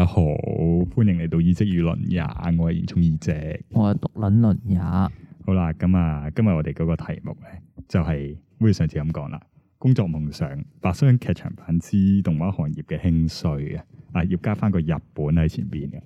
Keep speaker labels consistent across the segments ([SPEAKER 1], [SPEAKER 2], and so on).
[SPEAKER 1] 你好，歡迎嚟到《知識與論也》，我係嚴重義直，我係讀論論也。好啦，咁啊，今日我哋嗰個題目咧，就係好似上次咁講啦，工作夢想，白箱劇場版之動畫行業嘅興衰嘅，啊，要加翻個日本喺前邊嘅。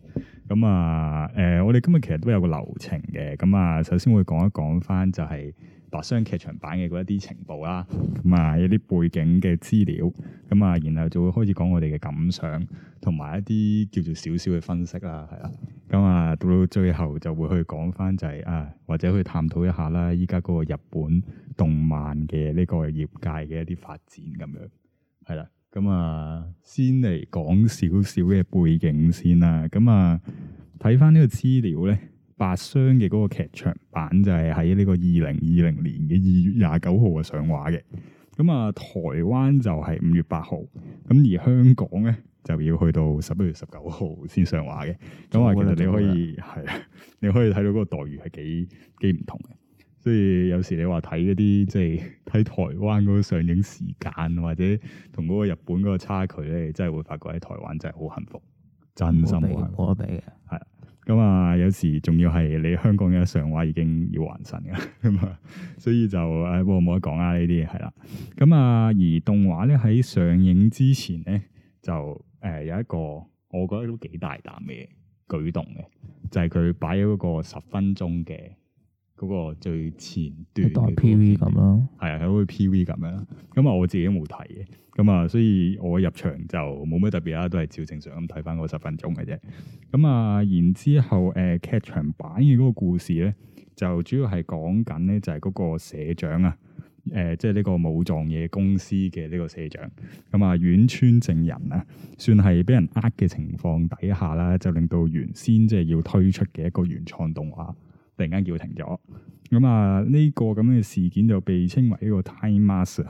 [SPEAKER 1] 咁啊，誒、呃，我哋今日其實都有個流程嘅，咁啊，首先會講一講翻就係、是。白箱劇場版嘅嗰一啲情報啦，咁啊，一啲背景嘅資料，咁啊，然後就會開始講我哋嘅感想，同埋一啲叫做少少嘅分析啦，係啦，咁啊到到最後就會去講翻就係啊，或者去探討一下啦，依家嗰個日本動漫嘅呢個業界嘅一啲發展咁樣，係啦，咁啊先嚟講少少嘅背景先啦，咁啊睇翻呢個資料咧。白箱嘅嗰個劇場版就係喺呢個二零二零年嘅二月廿九號啊上畫嘅，咁啊台灣就係五月八號，咁而香港咧就要去到十一月十九號先上畫嘅，咁啊其實你可以係你可以睇到嗰個待遇係幾幾唔同嘅，所以有時你話睇一啲即係睇台灣嗰個上映時間或者同嗰個日本嗰個差距咧，真係會發覺喺台灣真係好幸福，真心冇得比嘅，係、啊。咁啊，有時仲要係你香港嘅上畫已經要還神㗎，咁啊，所以就誒，我冇得講啊，呢啲嘢係啦。咁啊，而動畫咧喺上映之前咧，就誒、呃、有一個我覺得都幾大膽嘅舉動嘅，就係佢擺咗一個十分鐘嘅。嗰個最前端 P V 咁咯，係啊，好似 P V 咁樣。咁啊，我自己都冇睇嘅。咁啊，所以我入場就冇咩特別啦，都係照正常咁睇翻嗰十分鐘嘅啫。咁啊，然之後誒、呃、劇場版嘅嗰個故事咧，就主要係講緊咧，就係嗰個社長啊，誒、呃，即係呢個武藏野公司嘅呢個社長。咁啊，遠川正人啊，算係俾人呃嘅情況底下啦，就令到原先即係要推出嘅一個原創動畫。突然間叫停咗，咁啊呢、這個咁嘅事件就被稱為呢個 Time Master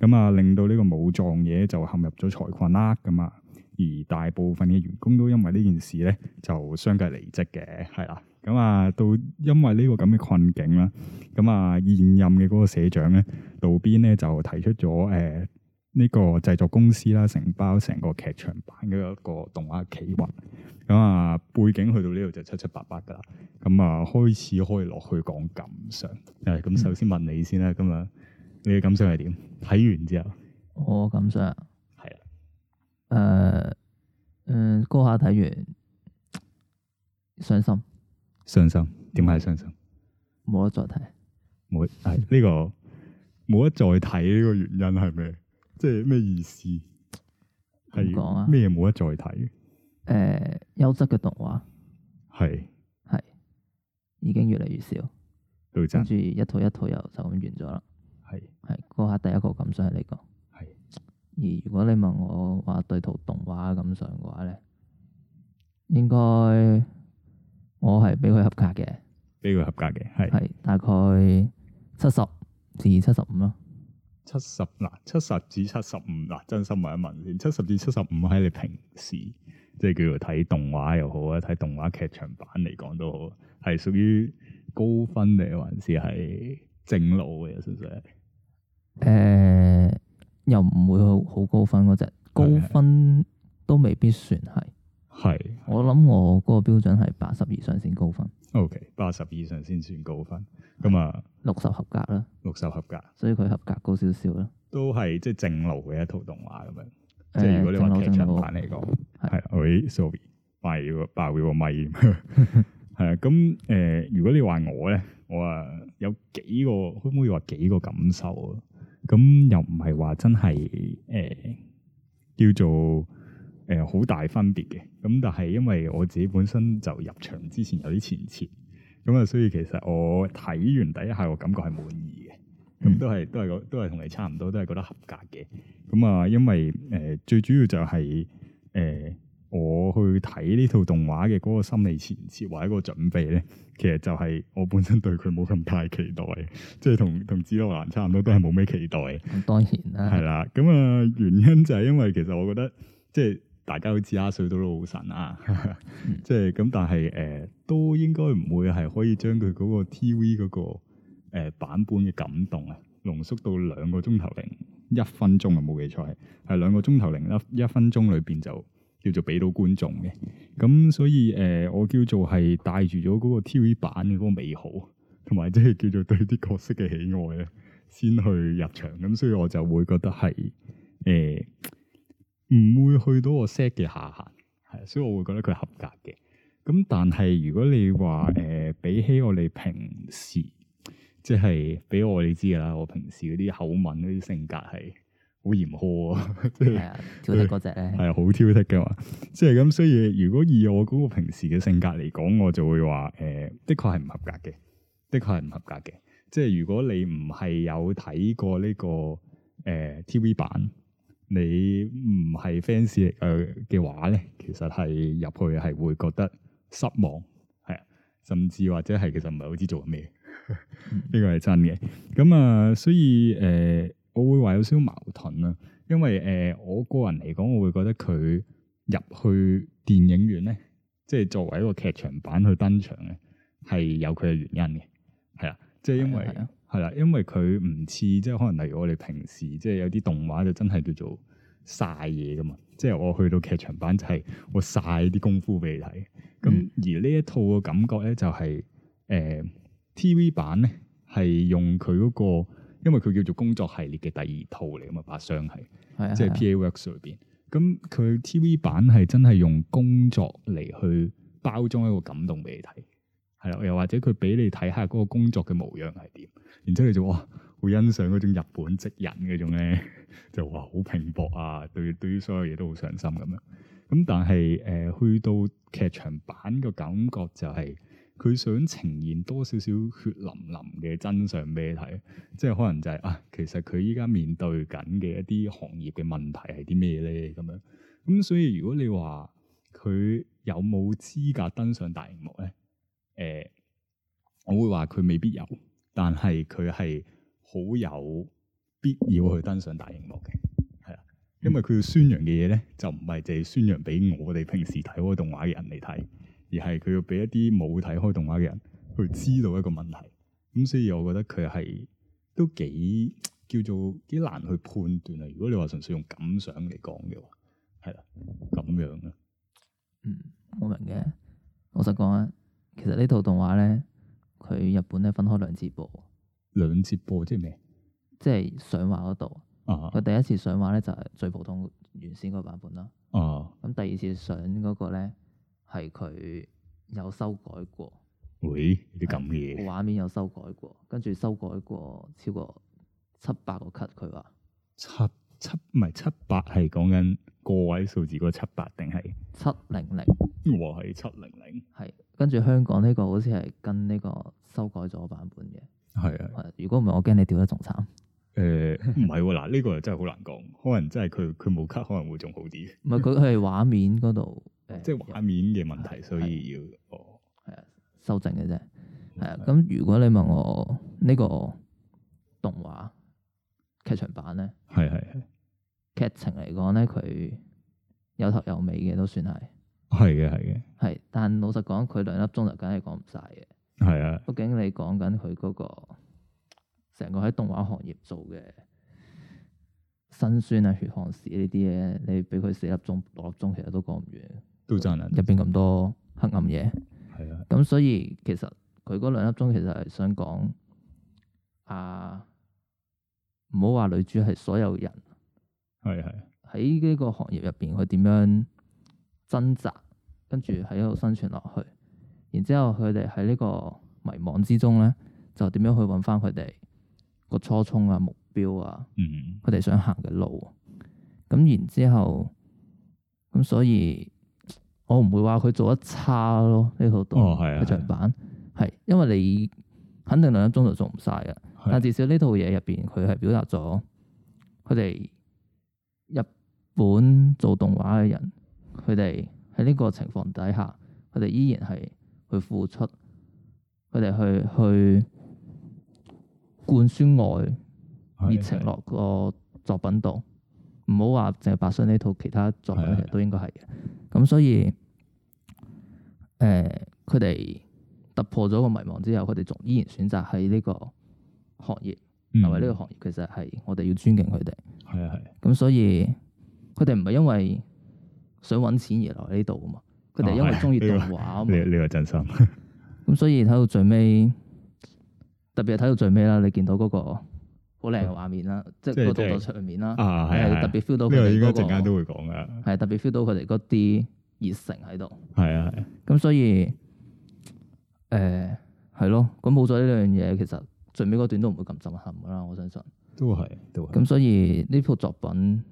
[SPEAKER 1] 咁啊令到呢個武藏野就陷入咗財困啦，咁啊而大部分嘅員工都因為呢件事咧就相繼離職嘅，係啦，咁啊到因為呢個咁嘅困境啦，咁啊現任嘅嗰個社長咧渡邊咧就提出咗誒。呃呢個製作公司啦，承包成個劇場版嘅一個動畫企劃，咁啊背景去到呢度就七七八八噶啦，咁啊開始可以落去講感想，咁首先問你先啦，咁啊，你嘅感想係點？睇完之後，我感想係啊。誒、啊呃，嗯，
[SPEAKER 2] 嗰下睇完傷心，
[SPEAKER 1] 傷心，點解係傷心？冇得再睇，冇係呢個冇得再睇呢個原因係咩？即係咩意思？
[SPEAKER 2] 係講呀？係咩冇得再睇？誒、呃，優質嘅動畫係係是已經越嚟越少，跟住一套一套又就咁完咗啦。係係嗰下第一個感想係你講。係是而如果你問我話對圖動畫感想嘅話咧，應該我係畀佢合格嘅，畀佢合格嘅係係大概七十至七十五囉。
[SPEAKER 1] 七十嗱，七十至七十五嗱，75，真心問一問先，七十至七十五喺你平時即係叫做睇動畫又好啊，睇動畫劇場版嚟講都好，係屬於高分嚟？還是係正路嘅，算唔算？
[SPEAKER 2] 誒，又唔會好好高分嗰隻，高分都未必算係。
[SPEAKER 1] 係，
[SPEAKER 2] 是我諗我嗰個標準係八十二以上先高分。O K，
[SPEAKER 1] 八十以上先算高分，
[SPEAKER 2] 咁啊六十合格啦，六十合格，所以佢合格
[SPEAKER 1] 高少少啦。都係即係正路嘅一套動畫咁樣，呃、即係如果你話劇場版嚟講，係對，sorry，壞壞壞個咪，係啊，咁誒、呃，如果你話我咧，我啊有幾個，可唔可以話幾個感受啊？咁又唔係話真係誒、呃、叫做。誒，好、呃、大分別嘅，咁但係因為我自己本身就入場之前有啲前設，咁啊，所以其實我睇完第一下，我感覺係滿意嘅，咁都係都係都係同你差唔多，都係覺得合格嘅。咁啊，因為誒、呃、最主要就係、是、誒、呃，我去睇呢套動畫嘅嗰個心理前設或者個準備咧，其實就係我本身對佢冇咁大期待，即係同同《紫羅蘭》差唔多，都係冇咩期待。當然啦，係啦，咁啊，原因就係因為其實我覺得即係。就是大家都知阿水都老神啊！即係咁，但係誒、呃、都應該唔會係可以將佢嗰個 TV 嗰、嗰個、呃、版本嘅感動啊，濃縮到兩個鐘頭零一分鐘啊，冇記錯係兩個鐘頭零一一分鐘裏邊就叫做俾到觀眾嘅。咁所以誒、呃，我叫做係帶住咗嗰個 TV 版嘅嗰個美好，同埋即係叫做對啲角色嘅喜愛咧，先去入場咁，所以我就會覺得係誒。呃唔會去到我 set 嘅下限，係，所以我會覺得佢合格嘅。咁但係如果你話誒、呃，比起我哋平時，即係俾我哋知噶啦，我平時嗰啲口吻、嗰啲性格係好嚴苛啊，係啊 的，挑剔嗰隻咧，係啊，好挑剔嘅嘛。即係咁，所以如果以我嗰個平時嘅性格嚟講，我就會話誒、呃，的確係唔合格嘅，的確係唔合格嘅。即係如果你唔係有睇過呢、這個誒、呃、TV 版。你唔係 fans 嚟嘅話咧，其實係入去係會覺得失望，係啊，甚至或者係其實唔係好知做緊咩，呢個係真嘅。咁啊，所以誒、呃、我會話有少少矛盾啦，因為誒、呃、我個人嚟講，我會覺得佢入去電影院咧，即係作為一個劇場版去登場咧，係有佢嘅原因嘅，係啊，即係因為。係啦，因為佢唔似即係可能例如我哋平時即係有啲動畫就真係叫做晒嘢噶嘛，即係我去到劇場版就係我晒啲功夫俾你睇。咁、嗯、而呢一套嘅感覺咧就係、是、誒、呃、TV 版咧係用佢嗰、那個，因為佢叫做工作系列嘅第二套嚟噶嘛，白箱係，是的 即係 PA Works 裏邊。咁佢的 TV 版係真係用工作嚟去包裝一個感動俾你睇。係又或者佢畀你睇下嗰個工作嘅模樣係點，然之後你就哇，會欣賞嗰種日本職人嗰種咧， 就話好拼搏啊，對對於所有嘢都好上心咁樣。咁、嗯、但係誒、呃，去到劇場版嘅感覺就係，佢想呈現多少少血淋淋嘅真相畀你睇，即係可能就係、是、啊，其實佢而家面對緊嘅一啲行業嘅問題係啲咩咧？咁樣咁、嗯，所以如果你話佢有冇資格登上大熒幕咧？誒、呃，我會話佢未必有，但係佢係好有必要去登上大熒幕嘅，係啦，因為佢要宣揚嘅嘢咧，就唔係淨係宣揚俾我哋平時睇開動畫嘅人嚟睇，而係佢要俾一啲冇睇開動畫嘅人去知道一個問題。咁、嗯、所以我覺得佢係都幾叫做幾難去判斷啊。如果你純純話純粹用感想嚟講嘅話，係啦，咁樣嘅，嗯，我明嘅，
[SPEAKER 2] 老實講啊。其實呢套動畫咧，佢日本咧分開兩節播，兩節播即係咩？即係上畫嗰度。
[SPEAKER 1] 佢、啊、第一
[SPEAKER 2] 次上畫咧就係、是、最普通原先嗰個版本啦。咁、啊、第二次上嗰個咧係佢有修改過。喂，有啲咁嘅嘢？畫面有修改過，跟住修改過超過七百個 cut，
[SPEAKER 1] 佢話。七。七唔係七八，係講緊個位數字嗰七八定係七零零，我係七零零，係跟住香港呢個好似係跟呢個修改咗版本嘅，
[SPEAKER 2] 係啊，如果唔係我驚你掉得仲慘。
[SPEAKER 1] 誒唔係嗱呢個真係好難講，可能真係佢佢冇 cut 可能會仲好啲，唔係佢係
[SPEAKER 2] 畫面嗰度，
[SPEAKER 1] 即係畫面嘅問題，所以要哦係啊修正嘅啫，
[SPEAKER 2] 係啊。咁如果你問我呢個動畫劇場版咧，係係係。劇情嚟講咧，佢有頭有尾嘅都算係，
[SPEAKER 1] 係嘅係嘅。
[SPEAKER 2] 係但老實講，佢兩粒鐘就梗係講唔晒嘅。係啊的，畢竟你講緊佢嗰個成個喺動畫行業做嘅辛酸啊、血汗史呢啲咧，你畀佢四粒鐘六粒鐘，其實都講唔完。都真係，入邊咁多黑暗嘢。係啊，咁所以其實佢嗰兩粒鐘其實係想講啊，唔好話女主係所有人。係係喺呢個行業入邊，佢點樣掙扎，跟住喺度生存落去，然之後佢哋喺呢個迷茫之中咧，就點樣去揾翻佢哋個初衷啊、目標啊，佢哋想行嘅路，啊。咁、嗯、哼然之後咁，所以我唔會話佢做得差咯，呢套動作劇場版係，因為你肯定兩粒鐘就做唔晒噶，的但至少呢套嘢入邊，佢係表達咗佢哋。日本做動畫嘅人，佢哋喺呢個情況底下，佢哋依然係去付出，佢哋去去灌輸愛、熱情落個作品度，唔好話淨係白箱呢套，其他作品其實都應該係嘅。咁的所以，誒、呃，佢哋突破咗個迷茫之後，佢哋仲依然選擇喺呢個行業。係咪呢個行業其實係我哋要尊敬佢哋？係啊，係。咁所以佢哋唔係因為想揾錢而嚟呢度噶嘛？佢哋因為中意動畫啊嘛嘿。你、那個、你話真心。咁所以睇到最尾，特別係睇到最尾啦，你見到嗰個好靚嘅畫面啦，即係嗰度嘅場面啦。係特別 feel 到呢個應該陣間都會講噶。係特別 feel 到佢哋嗰啲熱誠喺度。係啊，係。咁所以誒係咯，咁冇咗呢樣嘢，其實。最尾嗰段都唔會咁震撼啦，我相信。
[SPEAKER 1] 都係，都係。咁所
[SPEAKER 2] 以呢部作品，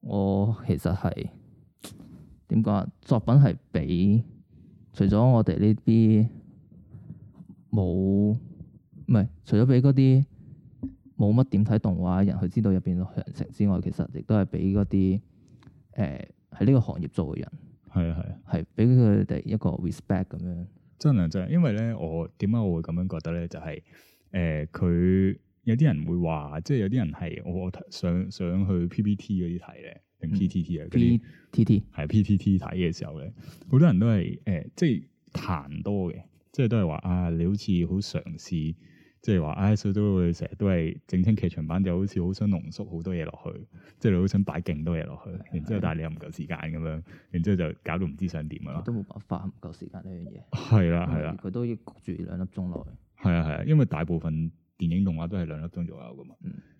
[SPEAKER 2] 我其實係點講啊？作品係俾除咗我哋呢啲冇，唔係除咗畀嗰啲冇乜點睇動畫嘅人去知道入邊嘅詳情之外，其實亦都係畀嗰啲誒喺呢個行業做嘅人，係啊係啊，係俾佢哋一個 respect 咁樣。
[SPEAKER 1] 真係，真係因為咧，我點解我會咁樣覺得咧？就係、是、誒，佢、呃、有啲人會話，即、就、係、是、有啲人係我想想去 PPT 嗰啲睇咧，定 PTT 啊嗰啲 PTT 係 PTT 睇嘅時候咧，好多人都係誒，即係彈多嘅，即、就、係、是、都係話啊，你好似好嘗試。即係話，唉、哎，所以都會成日都係整清劇場版，就好似好想濃縮好多嘢落去，即係你好想擺勁多嘢落去，是的 然之後但係你又唔夠時間咁樣，然之後就搞到唔知想點啦。都冇辦法，唔夠時間呢樣嘢。係啦，係啦，佢都要焗住兩粒鐘內。係啊，係啊，因為大部分電影動畫都係兩粒鐘左右噶嘛。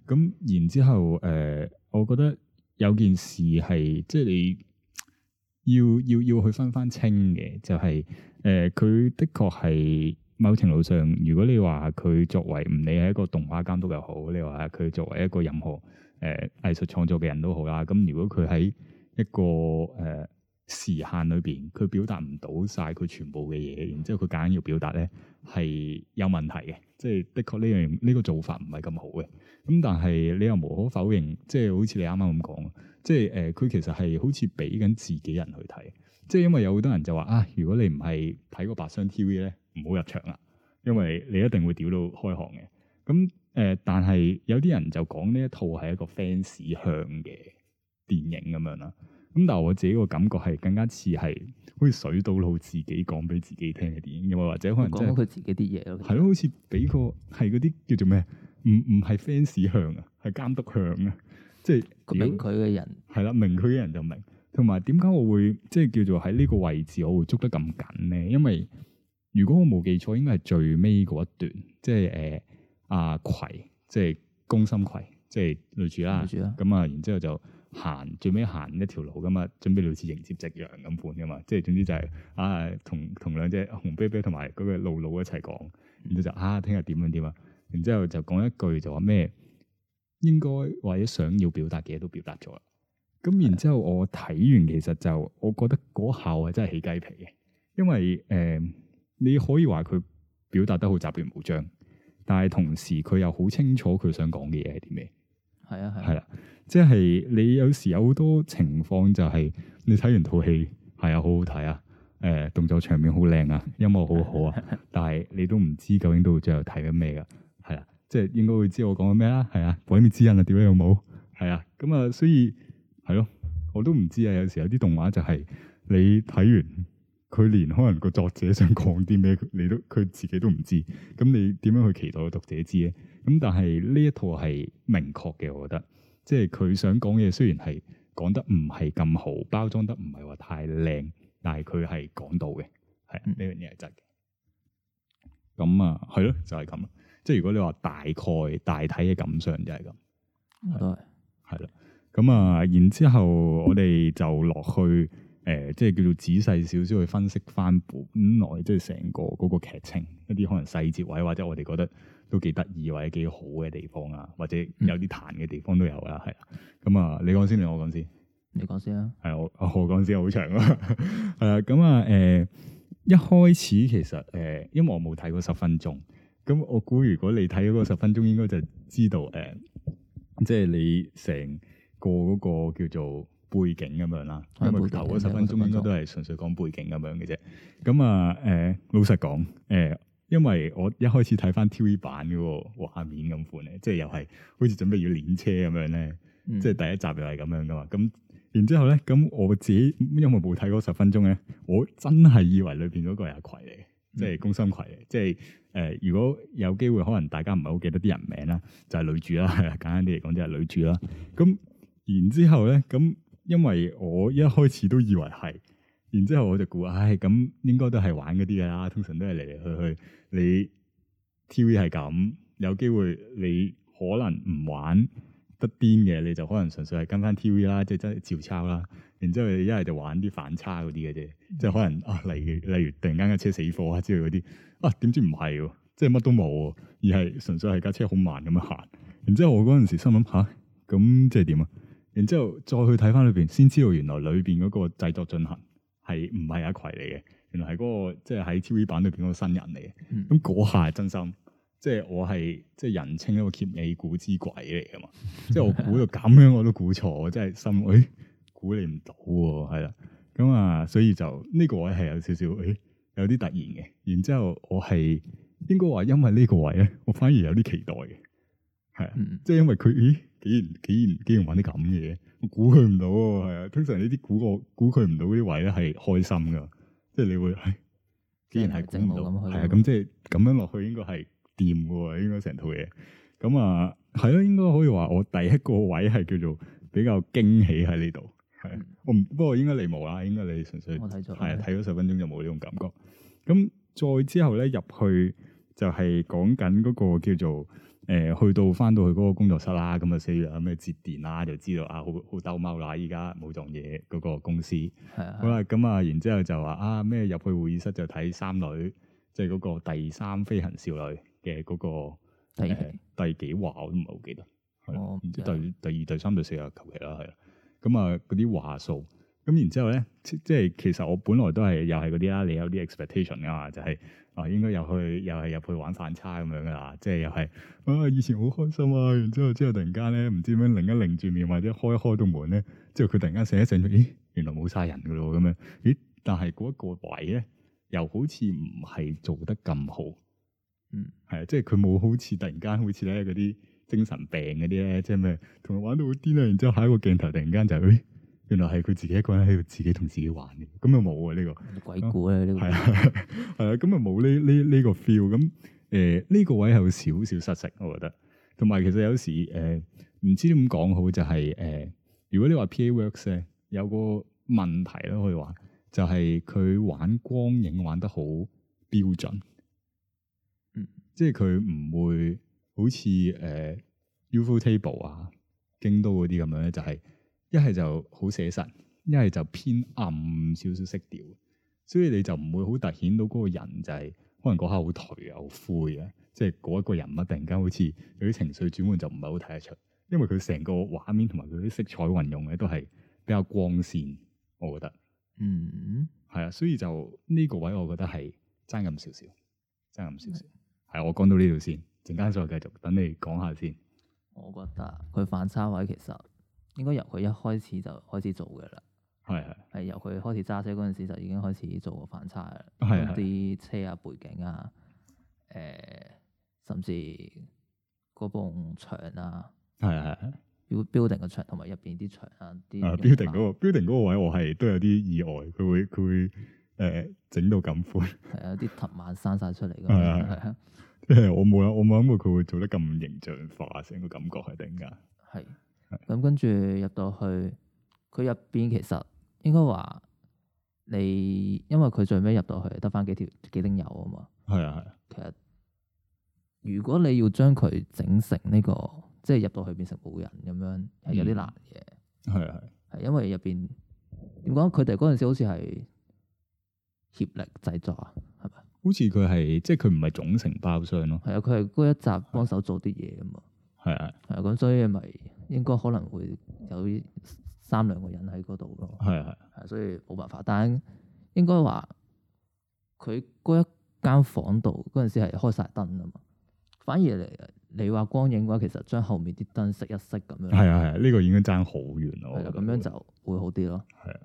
[SPEAKER 1] 咁、嗯、然之後，誒、呃，我覺得有件事係，即係你要要要去分翻清嘅，就係、是、誒、佢、呃、的確係。某程度上，如果你話佢作為唔理係一個動畫監督又好，你話佢作為一個任何誒、呃、藝術創作嘅人都好啦。咁如果佢喺一個誒、呃、時限裏邊，佢表達唔到晒佢全部嘅嘢，然之後佢夾硬要表達咧，係有問題嘅，即係的確呢樣呢個做法唔係咁好嘅。咁、嗯、但係你又無可否認，即係好似你啱啱咁講，即係誒佢其實係好似俾緊自己人去睇，即係因為有好多人就話啊，如果你唔係睇個白箱 TV 咧。唔好入場啦，因為你一定會屌到開行嘅。咁、嗯、誒、呃，但係有啲人就講呢一套係一個 fans 向嘅電影咁樣啦。咁、嗯、但係我自己個感覺係更加似係好似水島努自己講俾自己聽嘅電影，又或者可能講咗佢自己啲嘢咯。係咯的，嗯、好似俾個係嗰啲叫做咩？唔唔係 fans 向啊，係監督向啊，即係明佢嘅人係啦，明佢嘅人就明。同埋點解我會即係、就是、叫做喺呢個位置我會捉得咁緊呢？因為。如果我冇記錯，應該係最尾嗰一段，即係誒阿葵，即係宮森葵，即係女主啦。咁啊、嗯，然之後就行最尾行一條路噶嘛，準備類似迎接夕陽咁款噶嘛。即係總之就係、是、啊，同同兩隻紅啤啤同埋嗰個露露一齊講，然之後就啊，聽日點樣點啊，然之後就講一句就話咩應該或者想要表達嘅嘢都表達咗啦。咁的然之後我睇完，其實就我覺得嗰下係真係起雞皮嘅，因為誒。呃你可以話佢表達得好雜亂無章，但係同時佢又好清楚佢想講嘅嘢係啲咩。
[SPEAKER 2] 係啊係。係啦、
[SPEAKER 1] 啊，即係、啊就是、你有時有好多情況就係你睇完套戲，係啊好好睇啊，誒、呃、動作場面好靚啊，音樂好好啊，但係你都唔知究竟到最後睇緊咩㗎。係啊，即、就、係、是、應該會知我講緊咩啦。係啊，鬼滅、啊、之刃啊，點樣有冇？係啊，咁啊，所以係咯、啊，我都唔知啊。有時有啲動畫就係你睇完。佢連可能個作者想講啲咩，你都佢自己都唔知，咁你點樣去期待個讀者知咧？咁但係呢一套係明確嘅，我覺得，即係佢想講嘢，雖然係講得唔係咁好，包裝得唔係話太靚，但係佢係講到嘅，係呢樣嘢係真嘅。咁啊，係咯，就係咁，即係如果你話大概大體嘅感想就係咁，我都係。係啦 Okay.，咁啊，然之後我哋就落去。 誒、呃，即係叫做仔細少少去分析翻本咁即係成個嗰個劇情一啲可能細節位，或者我哋覺得都幾得意或者幾好嘅地方啊，或者有啲彈嘅地方都有啦，係啦。咁、嗯、啊、嗯嗯，你講先定我講先？嗯、你講先啊。係我我講先，好、嗯、長咯。係啊，咁、嗯、啊，誒、嗯嗯嗯嗯，一開始其實誒、嗯，因為我冇睇過十分鐘，咁、嗯、我估如果你睇嗰個十分鐘，應該就知道誒、嗯，即係你成個嗰個叫做。背景咁樣啦，因為佢頭嗰十分鐘應該都係純粹講背景咁樣嘅啫。咁啊，誒、呃，老實講，誒、呃，因為我一開始睇翻 TV 版嗰個畫面咁款咧，即係又係好似準備要練車咁樣咧，嗯、即係第一集又係咁樣噶嘛。咁然之後咧，咁我自己因為冇睇嗰十分鐘咧，我真係以為裏邊嗰個係阿葵嚟嘅、嗯，即係宮森葵嚟。即係誒，如果有機會，可能大家唔係好記得啲人名啦，就係、是、女主啦，簡單啲嚟講就係女主啦。咁然之後咧，咁。因為我一開始都以為係，然之後我就估，唉、哎，咁應該都係玩嗰啲噶啦，通常都係嚟嚟去去。你 T V 係咁，有機會你可能唔玩得癲嘅，你就可能純粹係跟翻 T V 啦，即係真係照抄啦。然之後你一係就玩啲反差嗰啲嘅啫，即係可能啊，例如例如突然間架車死火啊之類嗰啲，啊點知唔係喎，即係乜都冇，而係純粹係架車好慢咁樣行。然之後我嗰陣時心諗吓，咁即係點啊？然之後再去睇翻裏邊，先知道原來裏邊嗰個製作進行係唔係阿葵嚟嘅，原來係嗰、那個即係喺 TV 版裏邊嗰個新人嚟嘅。咁嗰、嗯、下係真心，即、就、係、是、我係即係人稱一個揭尾故之鬼嚟嘅嘛。 即係我估到咁樣我都估錯，我真係心，咦、哎？估你唔到喎、啊，係啦。咁啊，所以就呢、這個位係有少少，誒、哎，有啲突然嘅。然之後我係應該話因為呢個位咧，我反而有啲期待嘅，係啊，即係、嗯、因為佢，咦？竟然竟然竟然玩啲咁嘅嘢，我估佢唔到喎，係啊！通常呢啲估個估佢唔到啲位咧，係開心噶，即係你會，竟然係整唔到，係啊！咁即係咁樣落去，應該係掂噶喎，應該成套嘢。咁啊，係咯，應該可以話我第一個位係叫做比較驚喜喺呢度，係。嗯、我唔不，不過應該你冇啦，應該你純粹，我睇咗，係啊的，睇咗十分鐘就冇呢種感覺。咁再之後咧入去就係講緊嗰個叫做。誒去到翻到去嗰個工作室啦，咁啊四月有咩節電啦，就知道啊好好鬥貓啦，依家冇撞嘢嗰個公司。係啊，好啦，咁啊，然之後就話啊咩入去會議室就睇三女，即係嗰個第三飛行少女嘅嗰、嗰個第、呃、第幾話我都唔係好記得。
[SPEAKER 2] 哦，唔知第
[SPEAKER 1] 第二第三第四啊，求其啦係啦。咁啊嗰啲話數，咁然之後咧，即即係其實我本來都係又係嗰啲啦，你有啲 expectation 㗎嘛，就係、係。啊，應該又去，又係入去玩反差咁樣噶啦，即係又係啊！以前好開心啊，然之後之後突然間咧，唔知點樣擰一擰住面，或者開一開個門咧，之後佢突然間醒一醒，咦，原來冇晒人噶咯咁樣，咦？但係嗰一個位咧，又好似唔係做得咁好，嗯，係啊，即係佢冇好似突然間好似咧嗰啲精神病嗰啲咧，即係咩同佢玩到好癲啊！然之後下一個鏡頭突然間就誒、是。原來係佢自己一個人喺度自己同自己玩嘅，咁又冇啊呢個鬼故啊呢個係啊係啊，咁又冇呢呢呢個 feel 咁，誒呢、呃，這個位係會少少失色，我覺得。同埋其實有時誒唔、呃、知點講好，就係、是、誒、呃、如果你話 PA Works 咧有個問題咧可以話，就係、是、佢玩光影玩得好標準，呃、即係佢唔會好似誒、呃、UFO Table 啊、京都嗰啲咁樣咧，就係、是。一係就好寫實，一係就偏暗少少色調，所以你就唔會好突顯到嗰個人就係可能嗰下好頹啊、好灰啊，即係嗰一個人物突然間好似有啲情緒轉換就唔係好睇得出，因為佢成個畫面同埋佢啲色彩運用咧都係比較光線，我覺得，
[SPEAKER 2] 嗯，
[SPEAKER 1] 係啊，所以就呢個位我覺得係爭咁少少，爭咁少少，係呀，我講到呢度先，陣間再繼續等你講下先。我覺得佢
[SPEAKER 2] 反差位其實。應該由佢一開始就開始做嘅啦，係係係由佢開始揸車嗰陣時就已經開始做過反差啦，啲是車啊、背景啊，誒、呃，甚至嗰埲牆啊，係
[SPEAKER 1] 係
[SPEAKER 2] 係，building 個牆同埋入邊啲牆啊，啲 building 嗰個
[SPEAKER 1] building 個位我係都有啲意外，佢會佢會誒整、呃、到咁灰，係啊，啲藤蔓生晒出嚟咁樣，係啊 的，即係 我冇諗我冇諗過佢會做得咁形象化，成個感覺係點㗎，係。
[SPEAKER 2] 咁跟住入到去，佢入邊其實應該話你，因為佢最尾入到去得翻幾條幾丁友啊嘛。係啊係啊。其實如果你要將佢整成呢個，即係入到去變成冇人咁樣，係有啲難嘢，係啊係。係因為入邊點講？佢哋嗰陣時好似係協力製作啊，係咪？
[SPEAKER 1] 好似佢係即係佢唔係總承包商咯。
[SPEAKER 2] 係啊，佢係嗰一集幫手做啲嘢啊嘛。係啊係啊，咁所以咪。應該可能會有三兩個人喺嗰度咯，
[SPEAKER 1] 係啊，係啊，所以冇
[SPEAKER 2] 辦法。但應該話佢嗰一間房度嗰陣時係開晒燈啊嘛。反而你你話光影嘅話，其實將後面啲燈熄一熄咁樣。係啊係啊，呢
[SPEAKER 1] 個已經爭好遠咯。係啊，咁樣就會好啲咯。係啊，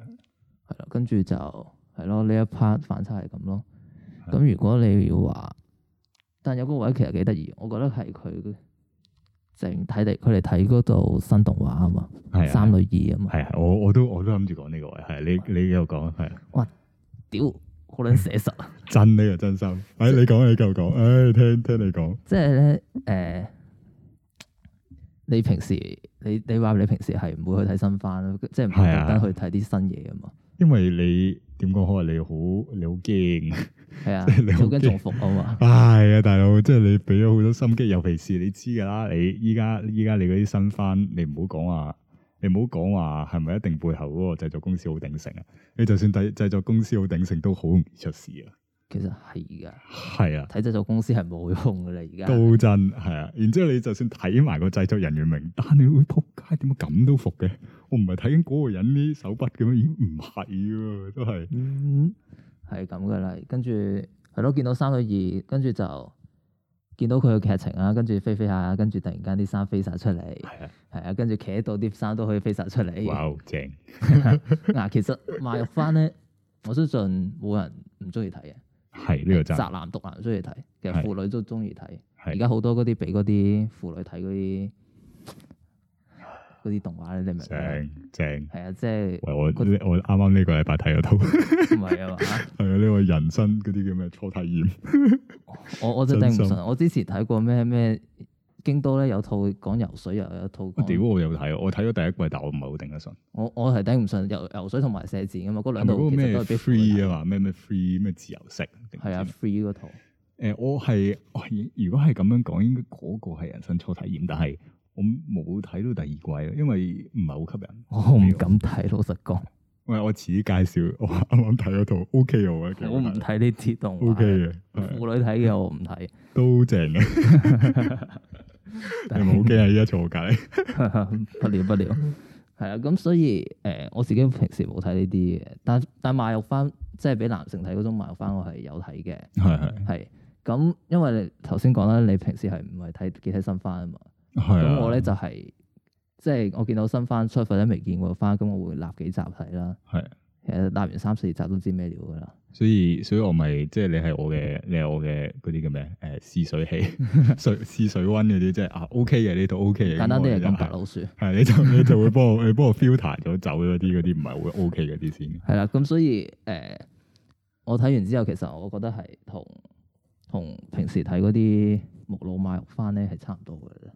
[SPEAKER 1] 係啊。
[SPEAKER 2] 跟住就係咯，呢一 part 反差係咁咯。咁如果你要話，但有個位其實幾得意，我覺得係佢。淨睇嚟佢嚟睇嗰套新動畫啊嘛，啊三女二啊嘛。係
[SPEAKER 1] 啊，我我都我都諗住講呢個位，係你你繼續講係啊。啊哇，屌，好撚寫實啊！ 真呢個真心，
[SPEAKER 2] 哎，你講你繼續講，哎，聽聽你講。即係咧，誒、呃，你平時你你話你平時係唔會去睇新番咯？啊、即係唔係特登去睇啲新嘢啊嘛？
[SPEAKER 1] 因為你。點講好啊，你好，你好驚，係啊， 你好驚中伏啊嘛。係啊、哎，大佬，即係你畀咗好多心機，尤其是你知噶啦，你而家依家你嗰啲新番，你唔好講話，你唔好講話係咪一定背後嗰個製作公司好鼎盛啊？你就算第製作公司好鼎盛都好，容易出事啊！其實係噶，係啊，睇製作公司係冇用噶啦，而家都真係啊！然之後你就算睇埋個製作人員名單，哎，你會撲街，點解咁都服嘅？我唔係睇緊嗰個人啲手筆嘅咩？已經唔係喎，
[SPEAKER 2] 都係，係咁噶啦！跟住係咯，見到三個二，跟住就見到佢嘅劇情啊，跟住飛飛下，跟住突然間啲衫飛晒出嚟，係啊的，跟住企喺度啲衫都可以飛晒出嚟，哇，好正！嗱， 其實賣肉翻咧， 我相信冇人唔中意睇嘅。
[SPEAKER 1] 係呢個就宅男毒
[SPEAKER 2] 男中意睇，其實婦女都中意睇。而家好多嗰啲俾嗰啲婦女睇嗰啲
[SPEAKER 1] 嗰啲動畫咧，你明唔明？正正係啊，即係、就是、我那我啱啱呢個禮拜睇咗套，唔係啊嘛，係啊呢個人生嗰啲叫咩初體驗？ 我
[SPEAKER 2] 我就頂唔順，心我之前睇過咩咩。京都咧有套講游水又有一套，屌、啊、我有
[SPEAKER 1] 睇，我睇咗第一季，但我唔係好頂得順。
[SPEAKER 2] 我我係頂唔順游游水同埋寫字噶嘛，嗰兩套其實都係 free
[SPEAKER 1] 啊嘛，咩咩 free 咩自由式。係啊，free 嗰套。誒、呃，我係如果係咁樣講，應該嗰個係人生初體驗，但係我冇睇到第二季咯，因為唔係好吸引，我唔敢睇。老實講，我我遲啲介紹，我啱啱睇嗰套 OK 啊，我唔睇
[SPEAKER 2] 呢啲動畫，婦、OK、對女睇嘅我唔睇，
[SPEAKER 1] 都正啊。但係冇機啊，依家坐
[SPEAKER 2] 計，不了不了，係 啊，咁所以誒、呃，我自己平時冇睇呢啲嘅，但但賣肉番，即、就、係、是、畀男性睇嗰種賣肉番，我係有睇嘅，係係係，咁因為你頭先講啦，你平時係唔係睇幾睇新番是啊嘛、就是，咁、就是、我咧就係即係我見到新番出或者未見過番，咁、嗯、我會立幾集睇啦，係是、啊嗯。其實睇完
[SPEAKER 1] 三四集都知咩料噶啦，所以所以我咪即係你係我嘅，你係我嘅嗰啲叫咩？誒，試水器、水試水温嗰啲，即係啊，OK 嘅你都 OK 嘅，簡單啲嚟講白老鼠，係你就你就會幫我，你幫我 filter 咗走咗啲嗰啲唔係好 OK 嗰啲先。係啦，咁所
[SPEAKER 2] 以誒，我睇完之後，其實我覺得係同同平時睇嗰啲木老賣肉番咧係差唔多嘅，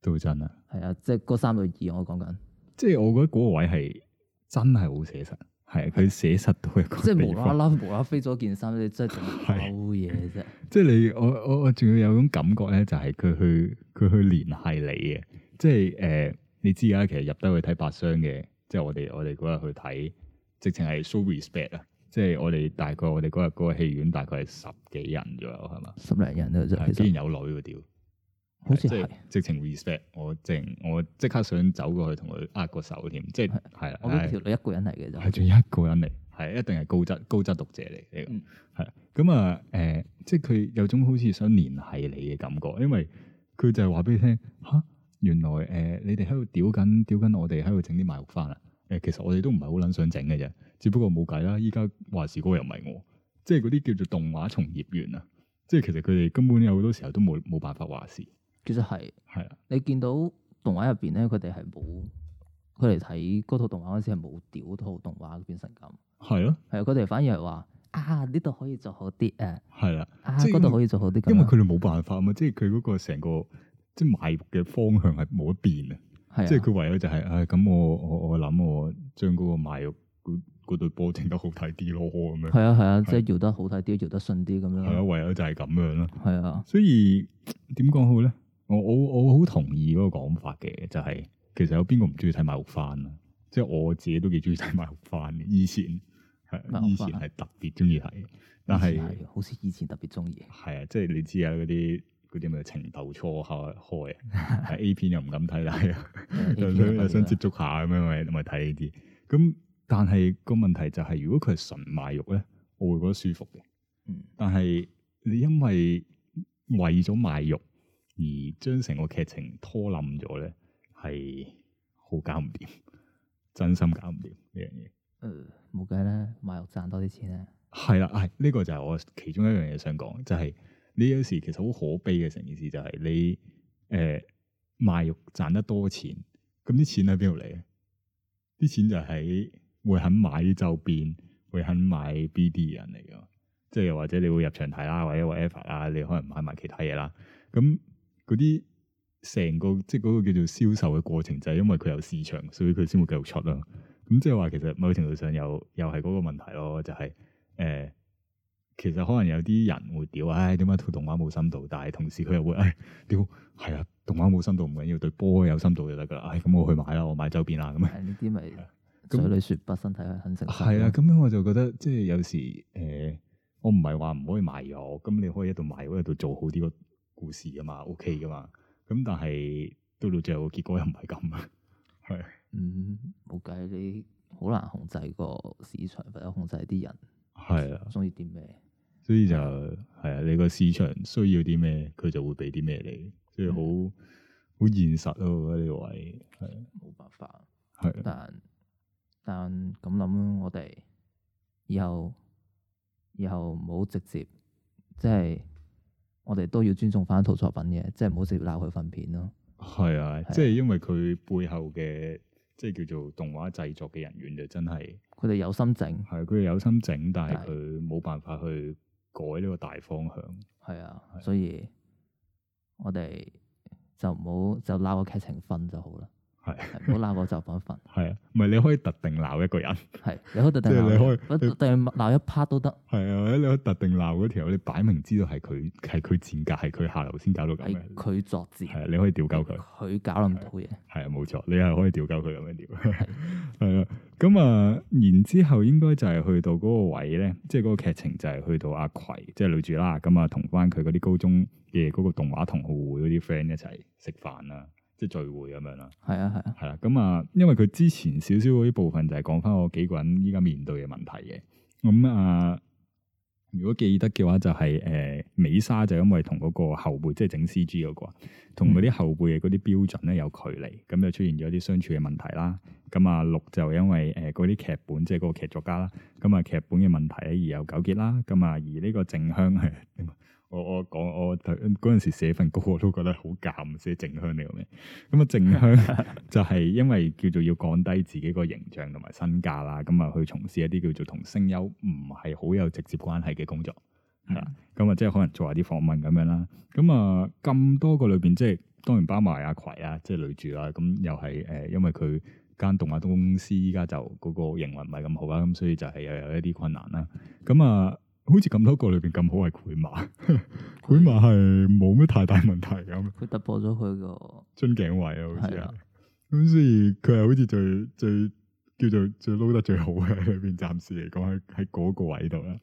[SPEAKER 2] 都真啊。係啊，即係嗰三個二我講緊，即係我覺得嗰個位係真係好寫實。
[SPEAKER 1] 係，佢寫實到一個，即係無啦啦
[SPEAKER 2] 無啦飛咗件衫，你真係好嘢啫！
[SPEAKER 1] 即係你，我我我仲要有種感覺咧，就係佢去佢去聯繫你嘅，即係誒、呃，你知啦，其實入得去睇白箱嘅，即係我哋我哋嗰日去睇，直情係 so respect 啊！即係我哋大概我哋嗰日嗰個戲院大概係十幾人咋，係嘛？十零人啊、就是，即係邊有女個屌？好似係，直情 respect 我正，直我即刻想走過去同佢握個手添，即係係啦。我呢條女一個人嚟嘅是就係仲一個人嚟，係一定係高質高質讀者嚟嘅，係咁啊，誒、呃，即係佢有種好似想聯繫你嘅感覺，因為佢就係話俾你聽，吓、啊，原來誒、呃，你哋喺度屌緊屌緊我哋喺度整啲賣肉番啦、啊，誒、呃，其實我哋都唔係好捻想整嘅啫，只不過冇計啦，依家話事嗰個人又唔係我，即係嗰啲叫做動畫從業員啊，即係其實佢哋根本有好多時候都冇冇辦法話事。其實係係啊，你見到動畫入邊咧，佢哋係冇佢哋
[SPEAKER 2] 睇嗰套動畫嗰時係冇屌套動畫變成咁
[SPEAKER 1] 係咯，係佢哋反而係話啊，呢度可以做好啲誒，係啦，啊，嗰度可以做好啲，因為佢哋冇辦法啊嘛，即係佢嗰個成個即係賣嘅方向係冇得變啊，即係佢唯有就係誒，咁我我我諗我將嗰個賣嗰嗰對波整得好睇啲咯咁樣，係啊係啊，即係搖得好睇啲，搖得順啲咁樣，係啊，唯有就係咁樣咯，係啊，所以點講好咧？我我我好同意嗰個講法嘅，就係、是、其實有邊個唔中意睇賣肉番啊？即係我自己都幾中意睇賣肉番嘅，以前係以前係特別中意睇，但係、啊、好似以前特別中意，係啊，即係你知啊嗰啲嗰啲咪情竇初開開啊 ，A 片又唔敢睇，但 係 A 片 又想 A 片 又想接觸下咁樣咪咪睇呢啲。咁的、啊、但係個問題就係、是，如果佢係純賣肉咧，我會覺得舒服嘅。嗯，但係你因為為咗賣肉。而將成個劇情拖冧咗咧，係好搞唔掂，真心搞唔掂呢樣嘢。誒，冇計啦，
[SPEAKER 2] 賣肉賺多啲錢啊！
[SPEAKER 1] 係啦，係呢、這個就係我其中一樣嘢想講，就係、是、你有時其實好可悲嘅成件事就係、是、你誒、呃、賣肉賺得多錢，咁啲錢喺邊度嚟？啲錢就喺會肯買周邊會肯買 BD 人嚟嘅，即係又或者你會入場睇啦，或者或 Ever 啦，你可能買埋其他嘢啦，咁。嗰啲成個即係嗰個叫做銷售嘅過程，就係因為佢有市場，所以佢先會繼續出啦。咁即係話，其實某程度上又又係嗰個問題咯，就係、是、誒、呃，其實可能有啲人會屌，唉、哎，點解套動畫冇深度？但係同時佢又會唉，屌、哎，係、哎、啊、哎，動畫冇深度唔緊要，對波有深度就得㗎啦。唉、哎，咁我去買啦，我買周邊啦，咁啊。呢啲咪嘴裡說不把身體係很誠實。係啊，咁樣我就覺得即係有時誒、呃，我唔係話唔可以賣油，咁你可以喺度賣，喺度做好啲故事噶嘛，OK 噶嘛，咁、okay、但係到到最後個結果又唔係咁啊，係 是嗯冇計，你好難控制個市場，或者控制啲人係啊，中意啲咩，所以就係啊，你個市場需要啲咩，佢就會俾啲咩你，所以好好、嗯、現實咯、啊，我覺得呢、這個、位係冇、啊、辦法，係、啊、但但咁諗我哋
[SPEAKER 2] 以後以後唔好直接即係。我哋都要尊重翻一套作品嘅，即係唔好直接鬧佢糞片咯。
[SPEAKER 1] 係啊，啊即係因為佢背後嘅，即係叫做動畫製作嘅人員就真係佢哋有心整，係佢哋有心整，但係佢冇辦法去改呢個大方向。係啊，啊所
[SPEAKER 2] 以我哋就唔好就鬧個劇情糞就好啦。
[SPEAKER 1] 係，唔好鬧我就反訓。係啊，唔係你可以特定鬧一個人。係，你可以特定鬧一 part 都得。係啊，你可以特定鬧嗰條，你擺明知道係佢係佢賤格，係佢下流先搞到咁嘅。佢作賤。係啊，你可以調教佢。佢搞咁多嘢。係啊，冇錯西、啊，你係可以調教佢咁樣調。係啊，咁 啊，啊，然之後應該就係去到嗰個位咧，即係嗰個劇情就係、是、去到阿葵，即係女主啦。咁啊，同翻佢嗰啲高中嘅嗰個動畫同好會嗰啲 friend 一齊食飯啦。即係聚會咁樣啦，係啊係啊，係啦咁啊，因為佢之前少少嗰啲部分就係講返我幾個人依家面對嘅問題嘅，咁啊，如果記得嘅話就係、是、誒、呃、美莎就因為同嗰個後輩即係整 CG 嗰個，同嗰啲後輩嘅嗰啲標準咧有距離，咁就出現咗啲相處嘅問題啦。咁啊六就因為誒嗰啲劇本即係嗰個劇作家啦，咁啊劇本嘅問題呢而有糾結啦。咁啊而呢個靜香。 我我講我嗰陣時寫份稿我都覺得好尷，即係靜香嚟嘅。咁、嗯、啊，靜香就係因為叫做要降低自己個形象同埋身價啦，咁、嗯、啊 去從事一啲叫做同聲優唔係好有直接關係嘅工作。係咁啊即係可能做下啲訪問咁樣啦。咁啊咁多個裏邊，即係當然包埋阿葵啊，即係女主啦，啊。咁、嗯、又係誒，因為佢間動畫公司依家就嗰個營運唔係咁好啦，咁所以就係又有一啲困難啦。咁啊。嗯嗯好似咁多個裏邊咁好係繪馬，繪對 馬係冇咩太大問題咁。佢突破咗佢個樽頸位啊，好似啊。咁，所以佢係好似最最叫做最撈得最好嘅裏邊，暫時嚟講喺喺嗰個位度啦。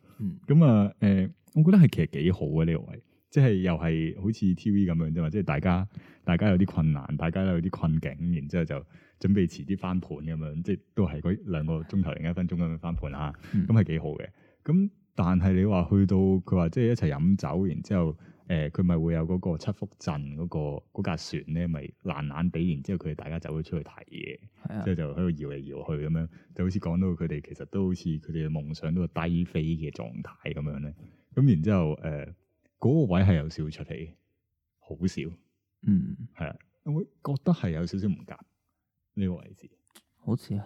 [SPEAKER 1] 咁啊、嗯，誒、呃，我覺得係其實幾好嘅呢、這個、位，即係又係好似 T V 咁樣啫嘛，即係大家大家有啲困難，大家有啲困境，然之後就準備遲啲翻盤咁樣，即係都係嗰兩個鐘頭零一分鐘咁樣翻盤吓，咁係幾好嘅，咁。但係你話去到佢話即係一齊飲酒，然之後誒，佢、呃、咪會有嗰個七福鎮嗰、嗰個架、那個、船咧，咪爛爛地。然之後佢哋大家走咗出去睇嘢，即係、啊、就喺度搖嚟搖去咁樣，就好似講到佢哋其實都好似佢哋嘅夢想到低飛嘅狀態咁樣咧。咁然之後誒，嗰、呃嗰個位係有少出戲，好少，嗯係啊，我會覺得係有少少唔夾呢個位置，好似係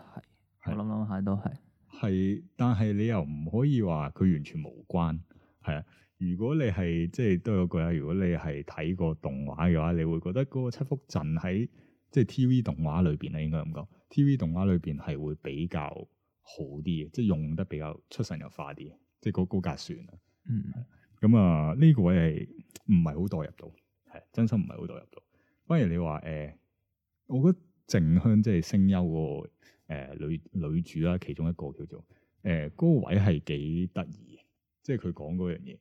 [SPEAKER 1] 我諗諗下都係。係，但係你又唔可以話佢完全無關，係啊。如果你係即係都有句啊，如果你係睇過動畫嘅話，你會覺得嗰個七福陣喺即係 TV 動畫裏邊咧，應該咁講。TV 動畫裏邊係會比較好啲嘅，即係用得比較出神又化啲嘅，即係嗰嗰架船啊，嗯嗯。嗯，咁啊，呢、這個位係唔係好代入到，係真心唔係好代入到。反而你話誒、呃，我覺得靜香即係聲優個。誒、呃、女女主啦，其中一個叫做誒嗰、呃那個、位係幾得意即係佢講嗰樣嘢，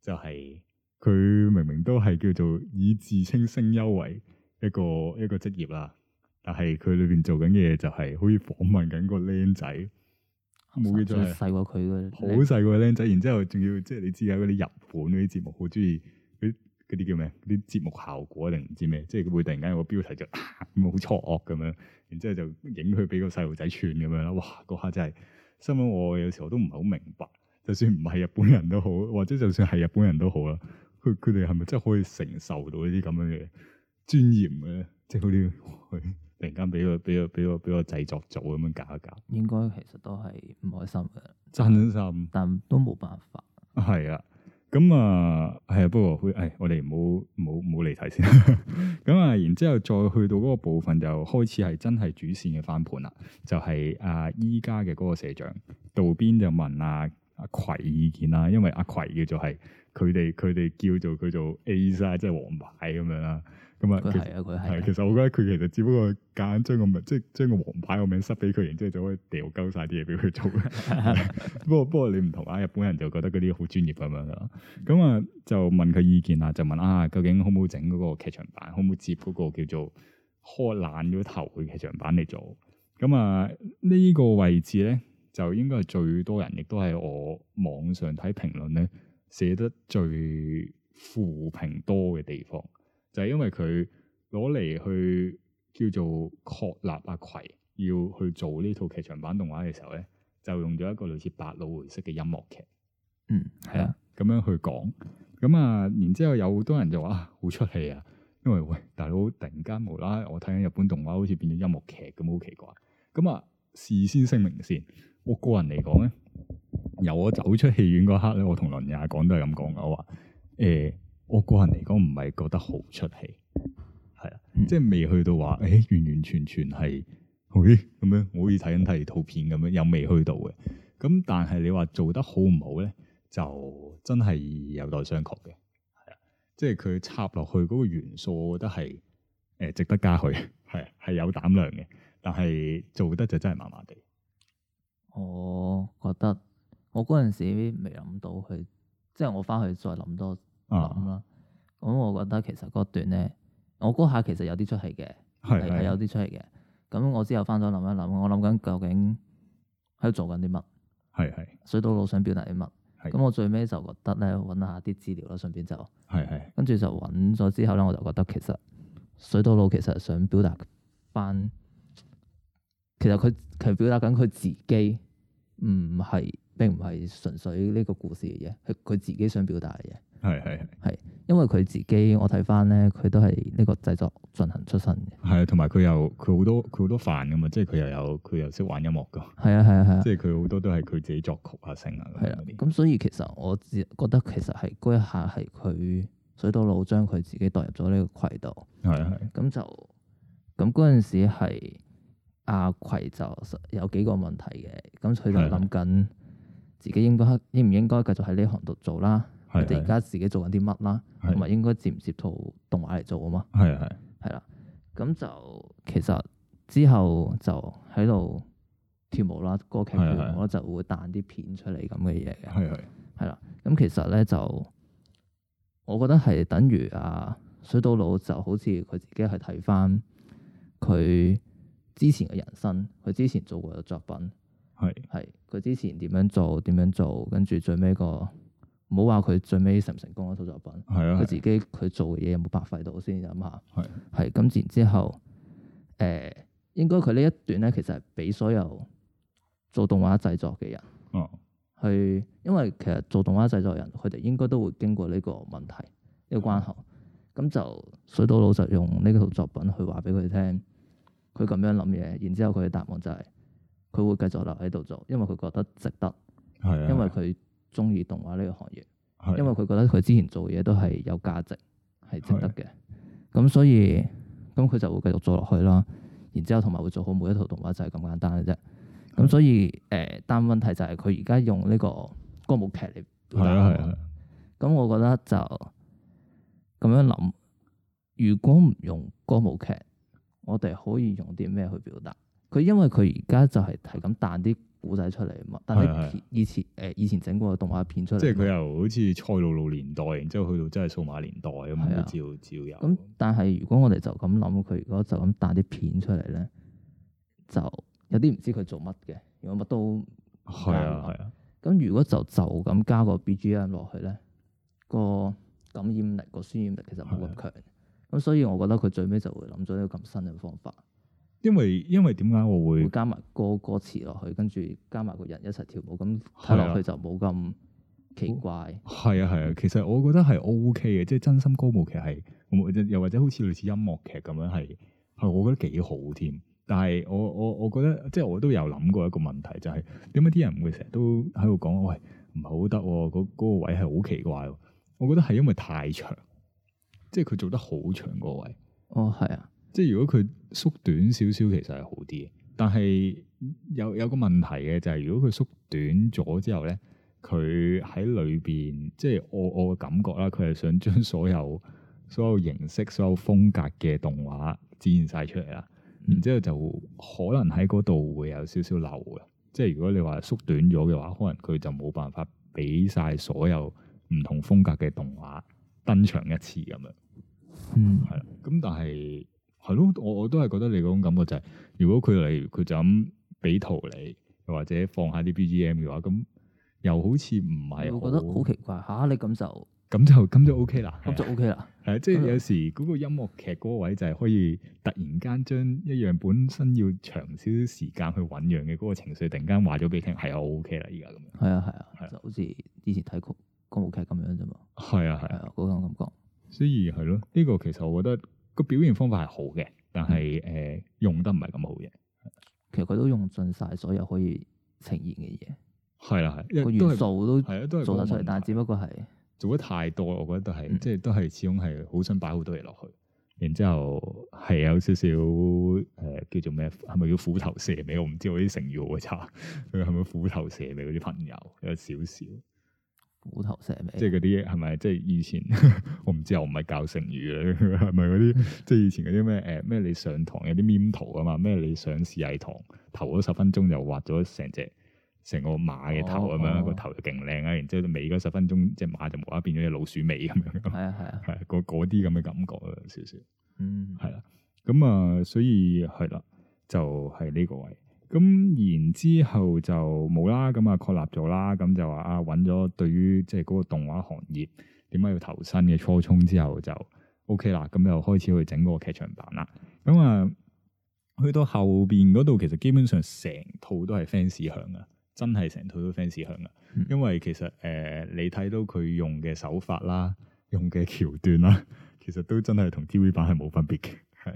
[SPEAKER 1] 就係、是、佢明明都係叫做以自稱聲優為一個一個,一個職業啦，但係佢裏邊做緊嘅嘢就係好似訪問緊個靚仔，冇、嗯、記錯係，細過佢嘅，好細個靚仔，然之後仲要即係你知啊，嗰啲日本嗰啲節目好中意佢。嗰啲叫咩？嗰啲節目效果定唔知咩？即係佢會突然間有個標題就啊咁好錯愕咁樣，然之後就影佢俾個細路仔串咁樣啦！哇，嗰下真係新聞，我有時候都唔係好明白。就算唔係日本人都好，或者就算係日本人都好啦，佢佢哋係咪真係可以承受到呢啲咁樣嘅尊嚴嘅？即係好似佢突然間俾個俾個俾個俾個製作組咁樣搞一搞，應該其實都係唔開心嘅，真心 是，但都冇辦法。係啊。咁啊，係啊，不過佢，誒，我哋冇冇冇離題先。咁 啊，然之後再去到嗰個部分，就開始係真係主線嘅翻盤啦。就係、是、啊，而家嘅嗰個社長道邊就問阿、啊、阿葵意見啦，因為阿、啊、葵叫做係。佢哋佢哋叫做佢做 Ace，即係王牌咁樣啦。咁啊，佢係啊，佢係。其實我覺得佢其實只不過揀將個名，即係將個王牌個名塞俾佢，然之後就可以掉鳩晒啲嘢俾佢做。不過不過，你唔同啊，日本人就覺得嗰啲好專業咁樣啦。咁啊，就問佢意見啦，就問啊，究竟好唔好整嗰個劇場版，好唔好接嗰個叫做開爛咗頭嘅劇場版嚟做？咁啊，呢個位置咧，就應該係最多人，亦都係我網上睇評論咧。寫得最負評多嘅地方，就係、是、因為佢攞嚟去叫做確立阿葵要去做呢套劇場版動畫嘅時候咧，就用咗一個類似百老匯式嘅音樂劇，嗯，係啊，咁樣去講，咁啊，然後之後有好多人就話好、啊、出戲啊，因為喂大佬突然間無啦，我睇緊日本動畫好似變咗音樂劇咁，好奇怪，咁啊，事先聲明先。我個人嚟講咧，由我走出戲院嗰刻咧，我同倫雅講都係咁講嘅，我話誒、欸，我個人嚟講唔係覺得好出戲，係啦，嗯、即係未去到話誒、欸，完完全全係，咦、欸，咁樣，我好似睇緊睇圖片咁樣，又未去到嘅。咁但係你話做得好唔好咧，就真係有待商榷嘅。係啊，即係佢插落去嗰個元素，我覺得係誒、欸、值得加去，係係有膽量嘅，但係做得就真係麻麻地。我覺得
[SPEAKER 2] 我嗰陣時未諗到佢，即係我翻去再諗多諗啦。咁、啊嗯、我覺得其實嗰段咧，我嗰下其實有啲出戲嘅，
[SPEAKER 1] 係係是有
[SPEAKER 2] 啲出戲嘅。咁是我之後翻咗諗一諗，我諗緊究竟喺度做緊啲乜？係係是水島佬想表達啲乜？咁是我最尾就覺得咧，搵下啲資料啦，順便就係係是跟住就搵咗之後咧，我就覺得其實水島佬其實想表達翻。其實佢佢表達緊佢自己唔係並唔係純粹呢個故事嘅嘢，係佢自己想表達嘅嘢。係係係，因為佢自己，我睇翻咧，佢都係呢個製作進行出身嘅。
[SPEAKER 1] 係啊，同埋佢又佢好多佢好多范噶嘛，即係佢又有佢又識玩音樂噶。係啊係啊係啊，即係佢好多都係佢自己作曲啊、聲啊。係啦，
[SPEAKER 2] 咁所以其實我覺得其實係嗰一下係佢水到路將佢自己代入咗呢個渠道。係啊係，咁就咁嗰陣時係。阿、啊、葵就有幾個問題嘅，咁佢就諗緊自己應該應唔應該繼續喺呢行度做啦，或者而家自己做緊啲乜啦，同埋是是 應該接唔接套動畫嚟做啊嘛。係係係啦，咁就其實之後就喺度跳舞啦，歌、那個、劇跳舞是是是 啦，就會彈啲片出嚟咁嘅嘢嘅。係係係啦，咁其實咧就我覺得係等於啊水到佬就好似佢自己係睇翻佢之前嘅人生，佢之前做過嘅作品，係係佢之前點樣做點樣做，跟住最尾個，唔好話佢最尾成唔成功嗰套作品，佢、啊、自己佢做嘅嘢有冇白費到先想想，諗下是，係係咁然之後，誒、呃、應該佢呢一段咧，其實係畀所有做動畫製作嘅人，哦、去因為其實做動畫製作人，佢哋應該都會經過呢個問題，呢、呢個關口，咁就水到老實用呢套作品去話畀佢聽。佢咁樣諗嘢，然之後佢嘅答案就係佢會繼續留喺度做，因為佢覺得值得，是的 因為佢中意動畫呢個行業，是
[SPEAKER 1] 的 因為
[SPEAKER 2] 佢覺得佢之前做嘢都係有價值，係值得嘅。咁是的 所以咁佢就會繼續做落去啦。然之後同埋會做好每一套動畫就係咁簡單嘅啫。咁所以誒，但是的、呃、問題就係佢而家用呢個歌舞劇嚟表達。係咁我覺得就咁樣諗，如果唔用歌舞劇。我哋可以用啲咩去表達？佢因為佢而家就係係咁彈啲古仔出嚟嘛，但係
[SPEAKER 1] 以前誒的以前整過嘅動畫片出嚟，即係佢又好似賽璐璐年代，然之後去到真係數碼年代咁的樣有，照照入。咁
[SPEAKER 2] 但係如果我哋就咁諗，佢如果就咁彈啲片出嚟咧，就有啲唔知佢做乜嘅，如果乜都係啊係啊，咁如果就就咁加個 BGM 落去咧，個感染力、個渲染力其實冇咁強。咁所以，我覺得佢最尾就會諗咗一個咁新嘅方法。因為因為點解我會，會加埋歌歌詞落去，跟住加埋個人一齊跳舞，咁睇落去就
[SPEAKER 1] 冇咁奇怪。係啊係啊，啊，其實我覺得係 OK 嘅，即係真心歌舞劇係，又或者好似類似音樂劇咁樣係，係我覺得幾好添。但係我我我覺得即係我都有諗過一個問題，就係點解啲人唔會成日都喺度講，喂唔係好得嗰嗰個位係好奇怪。我覺得係因為太長。即係佢做得好長個位，哦，係啊，即係如果佢縮短少少，其實係好啲嘅。但係有有個問題嘅就係、是，如果佢縮短咗之後咧，佢喺裏邊，即係我我嘅感覺啦，佢係想將所有所有形式、所有風格嘅動畫展晒出嚟啦。嗯、然之後就可能喺嗰度會有少少漏，嘅。即係如果你話縮短咗嘅話，可能佢就冇辦法俾晒所有唔同風格嘅動畫。登場一次咁樣，嗯，係啦，咁但係係咯，我我都係覺得你嗰種感覺就係、是，如果佢嚟佢就咁俾圖你，又或者放下啲 BGM 嘅話，咁又好似唔係，我覺得好奇怪吓？你感、啊、就，咁就咁、okay、就 O K 啦，咁的、okay、了就 O K 啦，係即係有時嗰個音樂劇嗰位就係可以突然間將一樣本身要長少少時間去醖釀嘅嗰個情緒，突然間話咗俾你聽，係啊，O K 啦，而家咁樣，係啊係啊，就好似之前睇劇。歌舞劇咁樣啫嘛，係啊係啊，嗰種感覺。所以係咯，呢、這個其實我覺得個表現方法係好嘅，但係誒、嗯呃、用得唔係咁好嘅。其實佢都用盡晒所有可以呈現嘅嘢，係啦係，個、啊、元素都係啊都係做得出嚟，但係只不過係做得太多，我覺得都係、嗯、即係都係始終係好想擺好多嘢落去，然後之後係有少少誒叫做咩？係咪叫虎頭蛇尾？我唔知我啲成語好、呃、差。佢係咪虎頭蛇尾嗰啲朋友有少少？虎頭蛇尾？即係嗰啲係咪？即係以前我唔知，我唔係教成語嘅，係咪嗰啲？即係以前嗰啲咩？誒、欸、咩？你上堂有啲圖啊嘛？咩？你上試藝堂頭咗十分鐘，就畫咗成隻成個馬嘅頭咁樣，個、哦哦、頭就勁靚啊！然之後尾嗰十分鐘，即係隻馬就冇啦變咗隻老鼠尾咁樣。係啊係啊係啊，嗰啲咁嘅感覺、嗯、啊，少少。嗯，係啦。咁啊，所以係啦，就係、是、呢個位。咁然之後就冇啦，咁啊確立咗啦，咁就話啊揾咗對於即係嗰個動畫行業點解要投身嘅初衷之後就 OK 啦，咁又開始去整嗰個劇場版啦。咁啊，去到後邊嗰度其實基本上成套都係 fans 向啊，真係成套都 fans 向啊！因為其實誒、呃、你睇到佢用嘅手法啦、用嘅橋段啦，其實都真係同 TV 版係冇分別嘅，係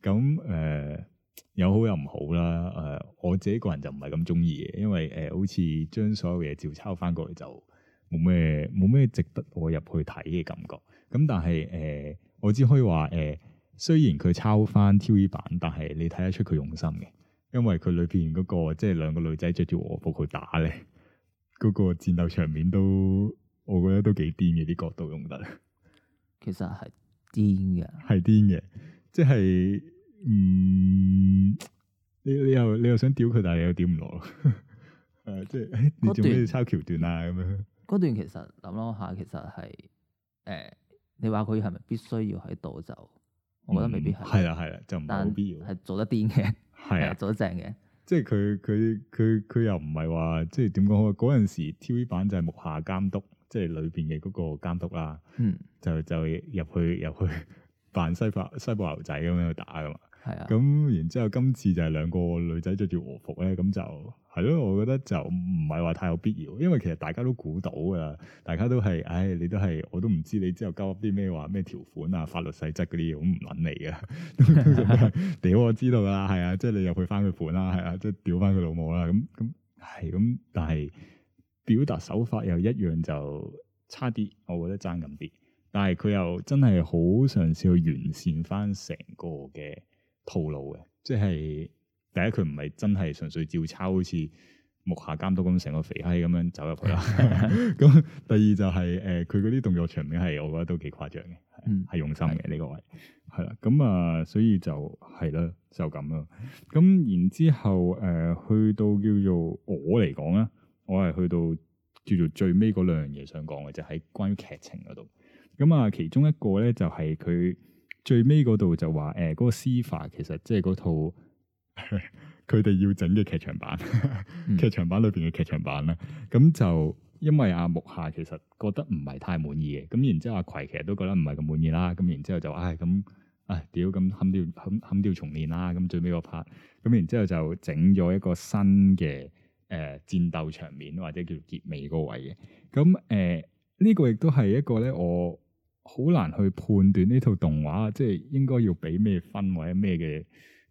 [SPEAKER 1] 咁誒。 有好有唔好啦，誒、呃、我自己個人就唔係咁鍾意嘅，因為誒、呃、好似將所有嘢照抄翻過嚟，就冇咩冇咩值得我入去睇嘅感覺。咁、嗯、但係誒、呃、我只可以話誒、呃，雖然佢抄翻 TV 版，但係你睇得出佢用心嘅，因為佢裏邊嗰個即係兩個女仔着住和服去打咧，嗰、那個戰鬥場面都我覺得都幾癲嘅，啲角度用得。其實係癲嘅，係癲嘅，即係。嗯，你你又你又想屌佢，但係你又屌唔落咯，誒，即係你做咩要抄橋段啊？咁樣
[SPEAKER 2] 嗰段其實諗咯下，其實係
[SPEAKER 1] 誒，你話佢係咪必
[SPEAKER 2] 須要喺度就，
[SPEAKER 1] 我覺得未必係，係
[SPEAKER 2] 啦係啦，就唔冇必要係做得癲嘅，係啊，做得正嘅，
[SPEAKER 1] 即係佢佢佢佢又唔係話，即係點講好？嗰陣時 TV 版就係木下監督，即係裏邊嘅嗰個監督啦，嗯，就就入去入去扮西部西部牛仔咁樣去打噶嘛。係啊，咁然之後今次就係兩個女仔着住和服咧，咁就係咯，啊，我覺得就唔係話太有必要，因為其實大家都估到噶啦，大家都係，唉、哎，你都係，我都唔知你之後交啲咩話咩條款啊、法律細則嗰啲嘢我唔諗你㗎，屌、就是、 我知道噶啦，係啊，即、就、係、是、你入去翻佢款啦，係啊，即係屌翻佢老母啦，咁咁係咁，但係表達手法又一樣就差啲，我覺得爭咁啲，但係佢又真係好嘗試去完善翻成個嘅。套路嘅，即係第一，佢唔係真係純粹照抄，好似木下監督咁成個肥閪咁樣走入去啦。咁 第二就係、是、誒，佢嗰啲動作場面係我覺得都幾誇張嘅，係、嗯、用心嘅呢的個位係啦。咁啊、呃，所以就係咯，就咁咯。咁然之後誒、呃，去到叫做我嚟講啊，我係去到叫做最尾嗰兩樣嘢想講嘅，就喺、是、關於劇情嗰度。咁啊，其中一個咧就係、是、佢。最尾嗰度就話誒，嗰、呃那個司法其實即係嗰套佢哋 要整嘅劇場版，劇 場版裏邊嘅劇場版啦。咁、嗯、就因為阿、啊、木下其實覺得唔係太滿意嘅，咁然之後阿、啊、葵其實都覺得唔係咁滿意啦。咁然之後就唉咁唉屌咁冚掉冚冚掉重練啦。咁最尾個 part，咁然之後就整咗一個新嘅誒、呃、戰鬥場面或者叫做結尾個位嘅。咁誒呢個亦都係一個咧我。好難去判斷呢套動畫即係應該要畀咩分或者咩嘅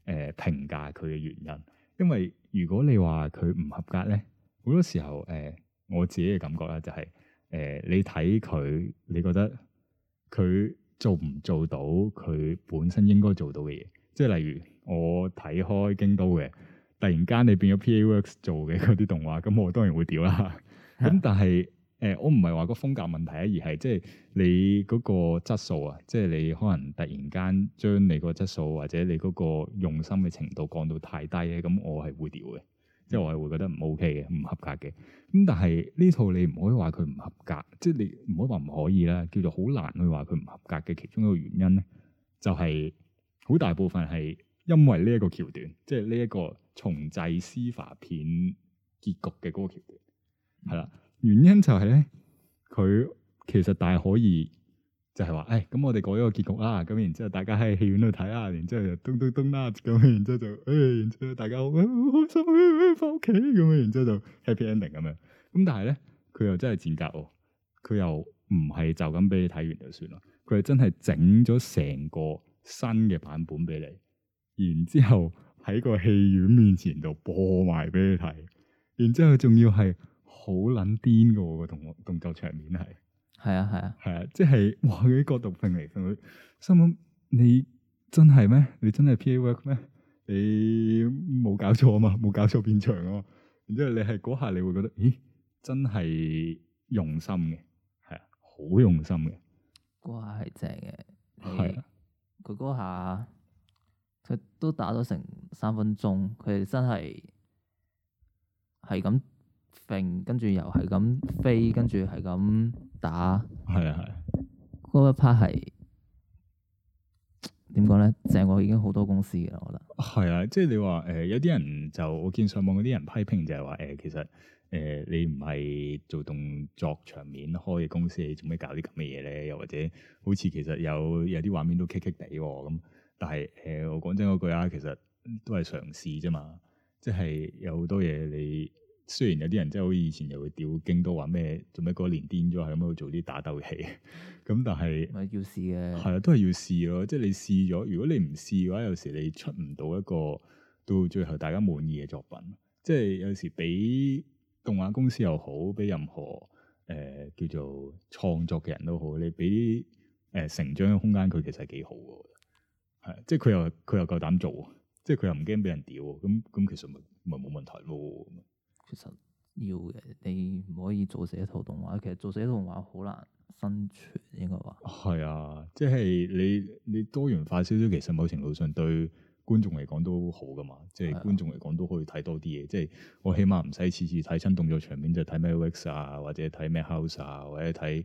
[SPEAKER 1] 誒評價佢嘅原因，因為如果你話佢唔合格咧，好多時候誒、呃、我自己嘅感覺咧就係、是、誒、呃、你睇佢，你覺得佢做唔做到佢本身應該做到嘅嘢，即係例如我睇開京都嘅，突然間你變咗 PA Works 做嘅嗰啲動畫，咁我當然會屌啦。咁 Yeah. 但係。誒、呃，我唔係話個風格問題啊，而係即係你嗰個質素啊，即、就、係、是、你可能突然間將你個質素或者你嗰個用心嘅程度降到太低咧，咁我係會屌嘅，嗯、即係我係會覺得唔 OK 嘅，唔合格嘅。咁但係呢套你唔可以話佢唔合格，即、就、係、是、你唔可以話唔可以啦，叫做好難去話佢唔合格嘅其中一個原因咧，就係好大部分係因為呢一個橋段，即係呢一個重製司法片結局嘅嗰個橋段，係啦。嗯原因就係、是、咧，佢其實大可以就係話，誒，咁我哋改一個結局啦，咁、啊、然之後大家喺戲院度睇啊，然之後又咚咚咚啦咁，然之後就誒、哎，然之後大家好開心，翻屋企咁樣，然之後就 happy ending 咁樣。咁、嗯、但係咧，佢又真係賤格，佢又唔係就咁俾你睇完就算咯，佢係真係整咗成個新嘅版本俾你，然之後喺個戲院面前度播埋俾你睇，然之後仲要係。好撚癲噶個動動作場面係，
[SPEAKER 2] 係啊係
[SPEAKER 1] 啊係啊，即係哇佢啲角度拼嚟，佢心諗你真係咩？你真係 PA work 咩？你冇搞錯啊嘛，冇搞錯變場啊嘛。然之後你係嗰下你會覺得，咦，真係用心嘅，係啊，好用心嘅。嗰下係正嘅，係
[SPEAKER 2] 啊，佢嗰下，佢都打咗成三分鐘，佢真係係咁。跟住又係咁飛，跟住係咁打。係啊係。嗰一 part 係點講咧？成個已經好多公司嘅，我覺得。
[SPEAKER 1] 係啊，即係你話誒、呃，有啲人就我見上網嗰啲人批評就係話誒，其實誒、呃、你唔係做動作場面開嘅公司，你做咩搞啲咁嘅嘢咧？又或者好似其實有有啲畫面都棘棘地喎咁。但係誒、呃，我講真嗰句啊，其實都係嘗試啫嘛。即係有好多嘢你。雖然有啲人真係好似以前又會屌京都話咩，做咩嗰年癲咗，係咁喺度做啲打鬥戲咁，但係唔係要試嘅係啊，都係要試咯。即係你試咗，如果你唔試嘅話，有時你出唔到一個到最後大家滿意嘅作品，即係有時俾動畫公司又好，俾任何誒、呃、叫做創作嘅人都好，你俾誒、呃、成長嘅空間佢，其實係幾好嘅，係即係佢又佢又夠膽做，即係佢又唔驚俾人屌，咁咁其實咪咪冇問題咯。其實要嘅，你唔可以做
[SPEAKER 2] 寫一套動畫。其實做寫圖動畫好難生存，
[SPEAKER 1] 應該話係啊。即係你你多元化少少，其實某程度上對觀眾嚟講都好噶嘛。即係觀眾嚟講都可以睇多啲嘢。即係我起碼唔使次次睇親動作場面就睇咩 Wax 啊，或者睇咩 House 啊，或者睇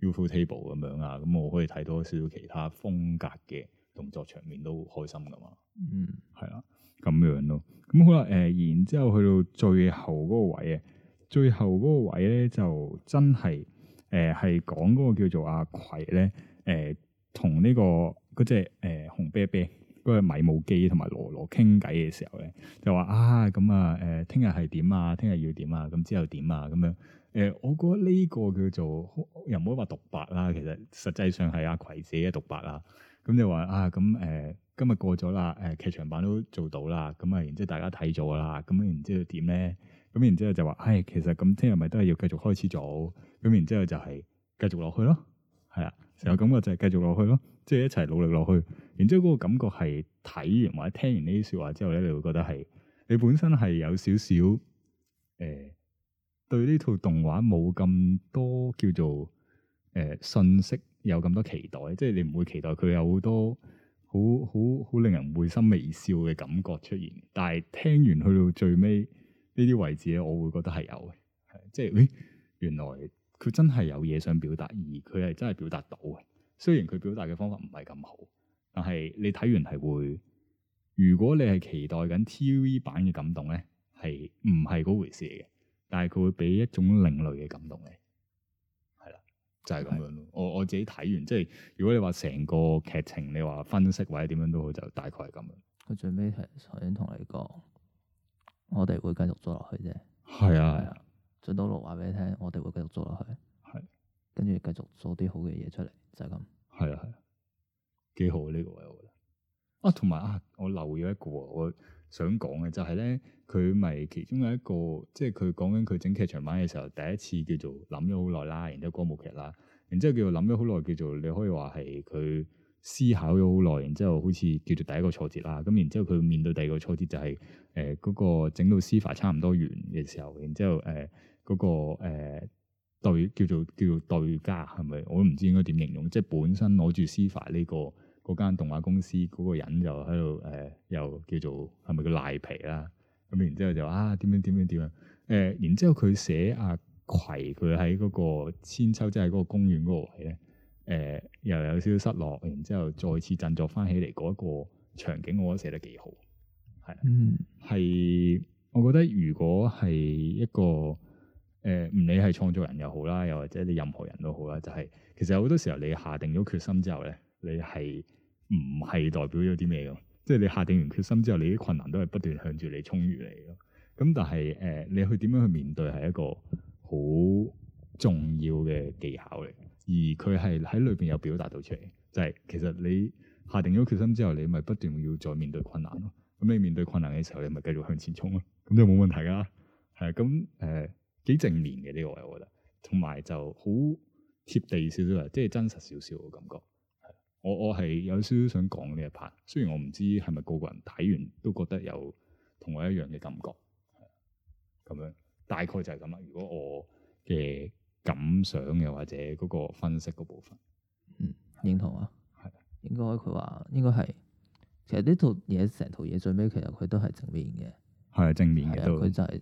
[SPEAKER 1] UFO Table 咁樣啊。咁我可以睇多少少其他風格嘅動作場面都開心噶嘛。嗯，係啦。咁樣咯，咁、嗯、好啦，誒、呃，然之後去到最後嗰個位啊，最後嗰個位咧就真係，誒、呃，係講嗰個叫做阿葵咧，誒、呃，同呢、這個嗰隻誒紅啤啤嗰個米母雞同埋羅羅傾偈嘅時候咧，就話啊，咁啊，誒、呃，聽日係點啊？聽日要點啊？咁之後點啊？咁樣、啊，誒、呃，我覺得呢個叫做又唔可以話獨白啦，其實實際上係阿葵自己獨白啦，咁就話啊，咁、呃、誒。欸今日過咗啦，誒、呃、劇場版都做到啦，咁、嗯、啊然之後大家睇咗啦，咁、嗯、然之後點咧？咁然之後就話，唉、哎，其實咁聽日咪都係要繼續開始做，咁然之後就係繼續落去咯，係啊，成個感覺就係繼續落去咯，即係一齊努力落去。然之後嗰個感覺係睇完或者聽完呢啲説話之後咧，你會覺得係你本身係有少少誒對呢套動畫冇咁多叫做誒、呃、信息，有咁多期待，即係你唔會期待佢有好多。好好好令人會心微笑嘅感覺出現，但係聽完去到最尾呢啲位置咧，我會覺得係有嘅，即係、哎，原來佢真係有嘢想表達，而佢係真係表達到嘅。雖然佢表達嘅方法唔係咁好，但係你睇完係會，如果你係期待緊 TV 版嘅感動咧，係唔係嗰回事嘅，但係佢會俾一種另類嘅感動你。就係咁樣咯，我是的 我自己睇完，即係如果你話成個劇情，你話分析或者點樣都好，就大概係咁樣。佢最尾係頭先同你講，
[SPEAKER 2] 我哋會繼續做落去啫。
[SPEAKER 1] 係啊係
[SPEAKER 2] 啊，最多囉話俾你聽，我哋會繼
[SPEAKER 1] 續做落去。係，跟住繼續做啲好嘅嘢出嚟，就係、是、咁。係啊係啊，幾好呢個位，我覺得。啊，同埋啊，我留咗一個我。想講嘅就係咧，佢咪其中有一個，即係佢講緊佢整劇場版嘅時候，第一次叫做諗咗好耐啦，然之後歌舞劇啦，然之後叫做諗咗好耐，叫做你可以話係佢思考咗好耐，然之後好似叫做第一個挫折啦。咁然之後佢面對第二個挫折就係誒嗰個整到司法差唔多完嘅時候，然之後誒嗰、呃嗰個誒、呃、對叫做叫做對家係咪？我都唔知應該點形容，即係本身攞住司法呢、呢個。嗰間動畫公司嗰、那個人就喺度誒，又叫做係咪叫賴皮啦？咁然之後就啊點樣點樣點樣誒、呃？然之後佢寫阿葵，佢喺嗰個千秋，即係嗰個公園嗰個位咧誒、呃，又有少少失落，然之後再次振作翻起嚟嗰一個場景，我覺得寫得幾好，係。嗯，係，我覺得如果係一個誒，唔理係創造人又好啦，又或者你任何人都好啦，就係、是、其實好多時候你下定咗決心之後咧，你係。唔係代表咗啲咩咯？即係你下定完決心之後，你啲困難都係不斷向住你衝住嚟咯。咁但係誒、呃，你去點樣去面對係一個好重要嘅技巧嚟。而佢係喺裏邊有表達到出嚟，就係、是、其實你下定咗決心之後，你咪不斷要再面對困難咯。咁你面對困難嘅時候，你咪繼續向前衝咯、啊。咁就冇問題㗎。係啊，咁誒、呃、幾正面嘅呢個，我覺得，同埋就好貼地少少嘅，即係真實少少嘅感覺。我我係有少少想講呢一 part，雖然我唔知係咪個個人睇完都覺得有同我一樣嘅感覺，咁樣大概就係咁啦。如果我嘅感想又或者嗰個分析嗰部分，嗯，認同啊，
[SPEAKER 2] 係是應該佢話應該係，其實呢套嘢，成套嘢最尾其實佢都係正面嘅，
[SPEAKER 1] 係正面嘅是，佢也就係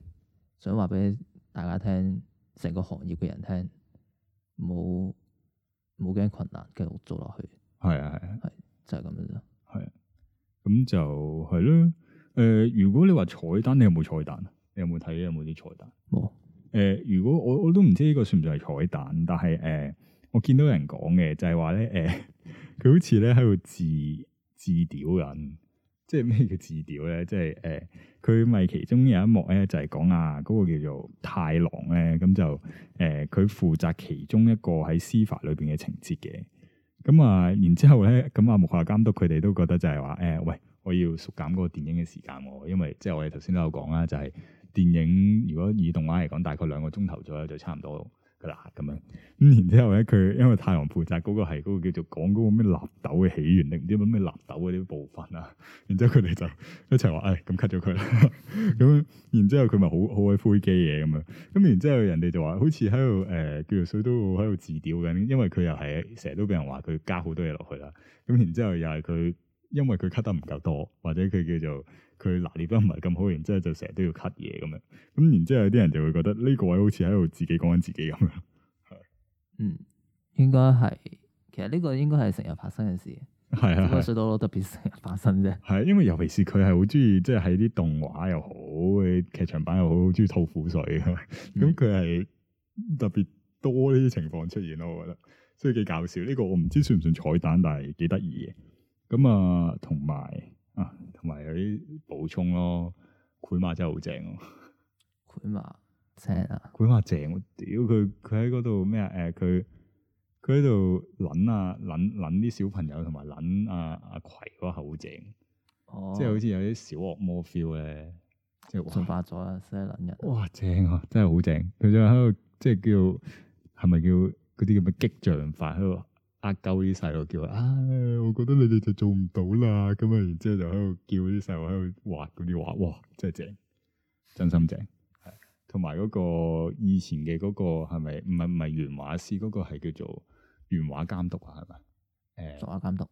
[SPEAKER 2] 想話畀大家聽，成個行業嘅人聽，冇冇驚困難，繼續做落去。
[SPEAKER 1] 係啊係啊係、啊，就係、是、咁樣啫。係啊，咁就係咯。誒、啊呃，如果你話彩蛋，你有冇彩蛋？你有冇睇？有冇啲彩蛋？冇、哦。誒、呃，如果我我都唔知呢個算唔算係彩蛋，但係誒、呃，我見到人講嘅就係話咧，誒、呃，佢好似咧喺度自字調緊，即係咩叫自調咧？即係誒，佢、呃、咪其中有一幕咧，就係、是、講啊嗰、那個叫做太郎咧，咁就誒，佢、呃、負責其中一個喺司法裏邊嘅情節嘅。咁啊、嗯，然之後咧，咁、嗯、啊，木下監督佢哋都覺得就係話，誒、哎，喂，我要縮減嗰個電影嘅時間喎，因為即係我哋頭先都有講啦，就係、是、電影如果以動畫嚟講，大概兩個鐘頭左右就差唔多。噶啦咁樣，咁、嗯、然之後咧，佢因為太陽負責嗰個係嗰個叫做講嗰個咩納豆嘅起源，定唔知乜咩納豆嗰啲部分啊。然之後佢哋就一齊話，唉、哎，咁 cut 咗佢啦。咁 然之後佢咪好好鬼灰機嘢咁樣。咁然之後人哋就話，好似喺度誒叫做水都喺度字雕緊，因為佢又係成日都俾人話佢加好多嘢落去啦。咁然之後又係佢，因為佢 cut 得唔夠多，或者佢叫做。佢嗱，拿捏得唔係咁好，然之後就成日都要 cut 嘢咁樣，咁然之後有啲人就會覺得呢個位好似喺度自己講緊自己咁樣。嗯，
[SPEAKER 2] 應該係，其實呢個應該係成日發生嘅事。
[SPEAKER 1] 係啊，水
[SPEAKER 2] 多咯，特別成日發
[SPEAKER 1] 生啫。係啊，因為尤其是佢係好中意，即係喺啲動畫又好，劇場版又好，好中意吐苦水咁。咁佢係、嗯、 特別多呢啲情況出現咯，我覺得，所以幾搞笑。呢、這個我唔知算唔算彩蛋，但係幾得意嘅。咁啊，同埋。啊，同埋有啲補充咯，葵麻真係好正哦！葵麻正啊，呃、啊啊啊啊葵麻正，屌佢佢喺嗰度咩啊？誒佢佢喺度撚啊撚撚啲小朋友，同埋撚阿阿葵嗰口好正，即係好似有啲小惡魔 feel 咧，即係神化咗啊！即係撚人，哇正啊，真係好正！佢就喺度即係叫係咪叫嗰啲叫咩激將法？喺度？阿鳩啲細路叫啊、哎，我覺得你哋就做唔到啦。咁啊，然之後就喺度叫啲細路喺度畫嗰啲畫，哇，真係正，真心正。係同埋嗰個以前嘅嗰、那個係咪？唔係唔係原畫師，嗰、那個係叫做原畫監督啊？係咪？誒、哎，作畫監督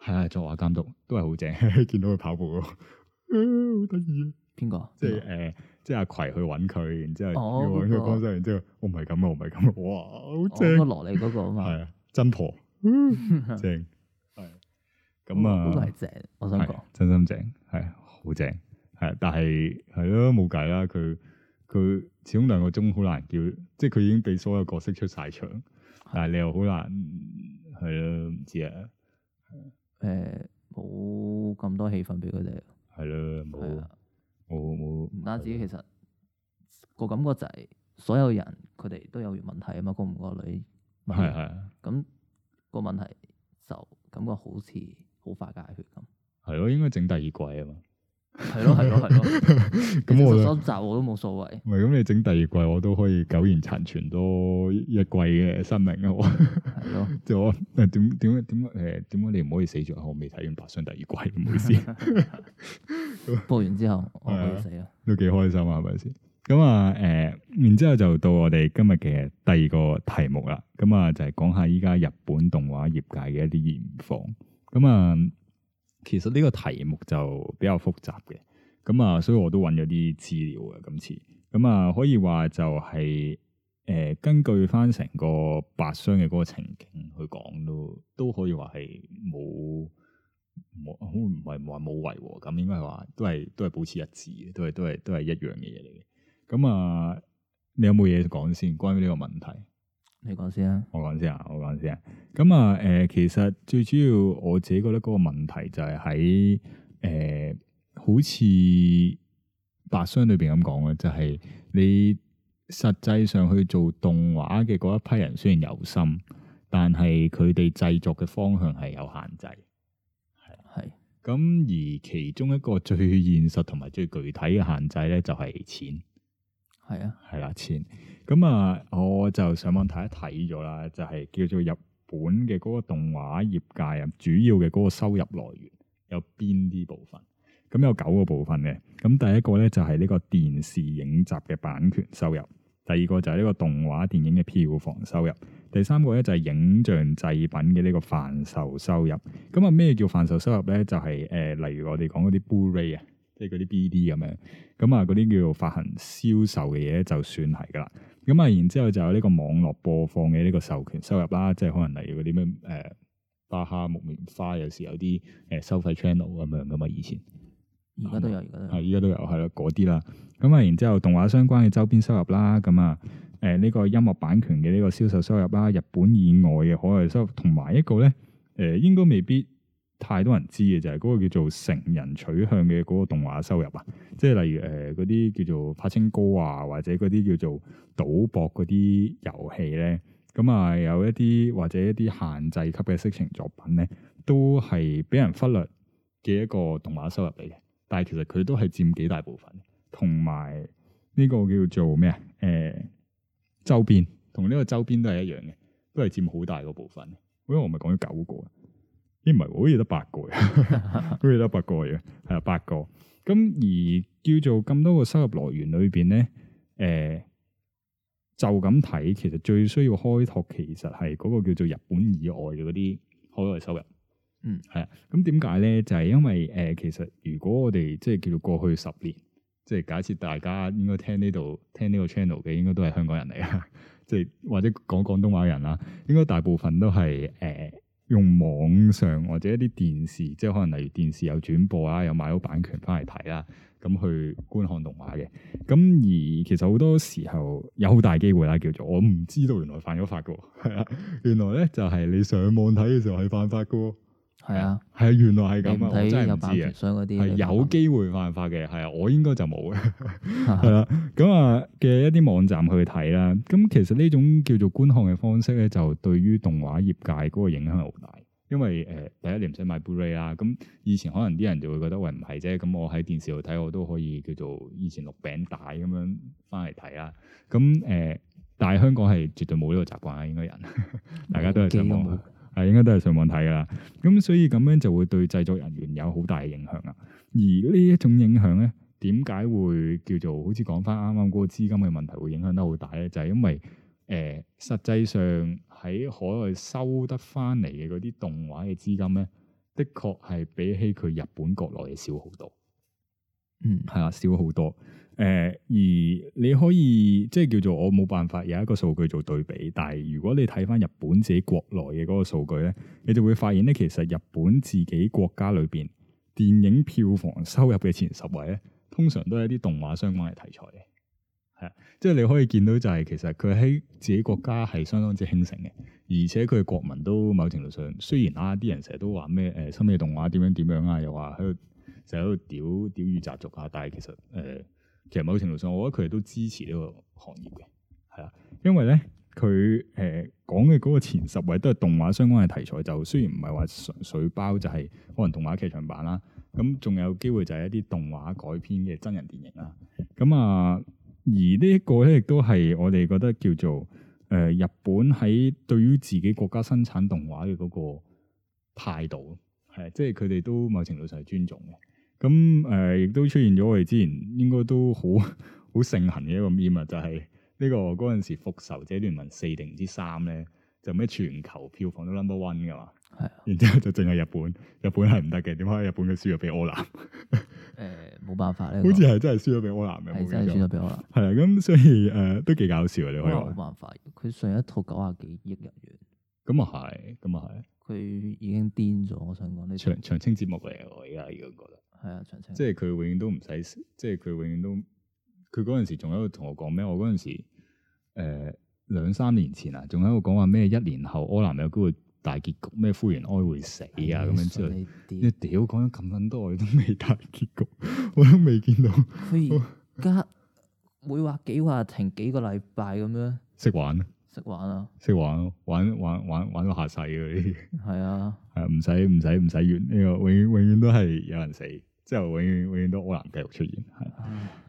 [SPEAKER 1] 係、 哎、啊，作畫監督都係好正。見到佢跑步咯，好得意啊！邊個、呃？即係誒，即係阿葵去搵佢，然之後要搵佢講真，哦那個、然之後我唔係咁啊，我唔係咁啊，哇，好正！落嚟、那個啊嘛，係啊， 真婆。正係咁啊！都係正，我想講真心正係好正係，但係係咯冇計啦。佢佢始終兩個鐘好難叫，即係佢已經俾所有角色出晒場，但係你又好難係咯，唔知啊。
[SPEAKER 2] 誒，冇咁多氣氛俾佢哋，係咯冇冇冇。但係自己其實個感覺就係所有人佢哋都有問題啊嘛，公唔公女？係係咁。個問題就感覺好似好快解決咁，
[SPEAKER 1] 係咯，應該整第二季啊嘛，係咯係咯係咯，
[SPEAKER 2] 咁 我收唔收我都冇所謂，
[SPEAKER 1] 唔係咁你整第二季我都可以苟延殘喘多一,一季嘅生命啊，係咯，就我誒點點點誒點解你唔可以死咗？我未睇完白箱第二季，唔好意思， 播完之後我可以死啊，都幾開心啊，係咪先？咁啊，誒、嗯，然之後就到我哋今日嘅第二個題目啦。咁、嗯、啊，就係、是，講下依家日本動畫業界嘅一啲現況。咁、嗯、啊，其實呢個題目就比較複雜嘅。咁、嗯、啊，所以我都揾咗啲資料嘅今次。咁、嗯、啊，可以話就係、是、誒、呃，根據翻成個白箱嘅嗰個情景去講咯，都可以話係冇冇好唔係話冇違和。咁應該話都係都係保持一致嘅，都係都係都係一樣嘅嘢嚟嘅。咁啊，你有冇嘢講先？關於呢個問題，你講先啊！我講先啊，我講先啊！咁啊，誒，其實最主要我自己覺得嗰個問題就係喺誒，好似白箱裏邊咁講嘅，就係你實際上去做動畫嘅嗰一批人，雖然有心，但係佢哋製作嘅方向係有限制，係係。咁而其中一個最現實同埋最具體嘅限制咧，就係錢。係啊，係啦，錢，咁啊，我就上網睇一睇咗啦，就係、是、叫做日本嘅嗰個動畫業界啊，主要嘅嗰個收入來源有邊啲部分？咁有九個部分嘅。咁第一個咧就係、是、呢個電視影集嘅版權收入，第二個就係呢個動畫電影嘅票房收入，第三個咧就係、是、影像製品嘅呢個販售收入。咁啊，咩叫販售收入咧？就係、是、誒、呃，例如我哋講嗰啲 Blu-ray 啊。即係嗰啲 BD 咁樣，咁啊，嗰啲叫做發行銷售嘅嘢，就算係噶啦。咁啊，然之後就有呢個網絡播放嘅呢個授權收入啦，即係可能例如嗰啲咩誒，巴哈木棉花有時有啲誒、呃、收費 channel 咁樣噶嘛，以前
[SPEAKER 2] 而家都有，而家都有，係
[SPEAKER 1] 而家都有係啦嗰啲啦。咁啊，然之後動畫相關嘅周邊收入啦，咁啊，誒、呃、呢、這個音樂版權嘅呢個銷售收入啦，日本以外嘅海外收入，同埋一個咧，誒、呃、應該未必。太多人知嘅就係、是、嗰個叫做成人取向嘅嗰個動畫收入啊，即係例如誒嗰啲叫做柏青哥啊，或者嗰啲叫做賭博嗰啲遊戲咧，咁、嗯、啊、呃、有一啲或者一啲限制級嘅色情作品咧，都係俾人忽略嘅一個動畫收入嚟嘅。但係其實佢都係佔幾大部分，同埋呢個叫做咩啊？誒、呃、周邊同呢個周邊都係一樣嘅，都係佔好大個部分。因、欸、為我唔係講咗九個。咦？唔係、欸，好似得八個嘅， 好似得八個嘅，係啊，八個。咁而叫做咁多個收入來源裏邊咧，誒、呃，就咁睇，其實最需要開拓，其實係嗰個叫做日本以外嘅嗰啲海外收入。嗯，係啊。咁點解咧？就係、是、因為誒、呃，其實如果我哋即係叫做過去十年，即係假設大家應該聽呢度聽呢個 channel 嘅，應該都係香港人嚟啊，即係或者講廣東話嘅人啦，應該大部分都係誒，呃用網上或者一啲電視，即係可能例如電視有轉播啊，有買到版權翻嚟睇啊，咁去觀看動畫嘅。咁而其實好多時候有好大機會啦，叫做我唔知道原來犯咗法嘅，係啊，原來咧就係你上網睇嘅時候係犯法嘅。係啊，係啊，原來係咁啊！有我真係唔知啊。係有機會犯法嘅，係啊，我應該就冇嘅。係 啦、啊，咁啊嘅一啲網站去睇啦。咁其實呢種叫做觀看嘅方式咧，就對於動畫業界嗰個影響好大。因為誒、呃，第一你唔使買 BD 啦。咁以前可能啲人就會覺得喂唔係啫，咁、哎、我喺電視度睇，我都可以叫做以前錄餅帶咁樣翻嚟睇啦。咁誒、呃，但係香港係絕對冇呢個習慣啊，應該人，大家都係上網。係應該都係上網睇噶啦，咁所以咁樣就會對製作人員有好大影響啦。而呢一種影響咧，點解會叫做好似講翻啱啱嗰個資金嘅問題會影響得好大咧？就係、是、因為誒、呃，實際上喺海外收得翻嚟嘅嗰啲動畫嘅資金咧，的確係比起佢日本國內嘅少好多。嗯，係啦，少好多。誒、呃、而你可以即係叫做我冇辦法有一個數據做對比，但係如果你睇翻日本自己國內嘅嗰個數據咧，你就會發現咧，其實日本自己國家裏邊電影票房收入嘅前十位咧，通常都係一啲動畫相關嘅題材嘅。係啊，即係你可以見到就係、是、其實佢喺自己國家係相當之興盛嘅，而且佢嘅國民都某程度上雖然啦，啊，啲人成日都話咩誒深夜動畫點樣點樣啊，又話喺度成日喺度屌屌御宅族啊，但係其實誒。呃其實某程度上，我覺得佢哋都支持呢個行業嘅，係啊，因為咧佢誒講嘅嗰個前十位都係動畫相關嘅題材，就雖然唔係話水水包，就係、是、可能動畫劇場版啦，咁仲有機會就係一啲動畫改編嘅真人電影啦，咁啊，而呢一個咧亦都係我哋覺得叫做誒、呃、日本喺對於自己國家生產動畫嘅嗰個態度，係即係佢哋都某程度上係尊重嘅。咁誒，亦、嗯、都出現咗我哋之前應該都好好盛行嘅一個 meme，就係呢個嗰陣時《復仇者聯盟四》定唔知三咧，就咩全球票房都 number one 嘅嘛，係啊，然之後就淨係日本，日本係唔得嘅，點解日本嘅輸咗俾柯南？誒、 欸，冇辦法咧，好似係真係輸咗俾柯南嘅，係的真係輸咗俾柯南。係啊，咁所以誒、呃、都幾搞笑啊。你可以話冇辦法，佢上一套九啊幾億日元，咁啊係，咁啊係，佢已經癲咗，我想講呢，長長青節目嚟，我而家已經覺得。係啊，長青，即係佢永遠都唔使，即係佢永遠都，佢嗰陣時仲喺度同我講咩？我嗰陣時誒兩、呃、三年前啊，仲喺度講話咩？一年後柯南有嗰個大結局咩？灰原哀會死啊？咁吉樣之後，你屌講咗咁撚多，我都未大結局，我都未見到。佢而
[SPEAKER 2] 家每話幾話停幾個禮拜咁樣？
[SPEAKER 1] 識玩，玩啊？識玩啊？識玩，玩玩玩玩到下世嗰啲。係啊，係唔使唔使唔使完呢個，永遠永遠都係有人死。之後永遠永遠都柯南繼續出現，係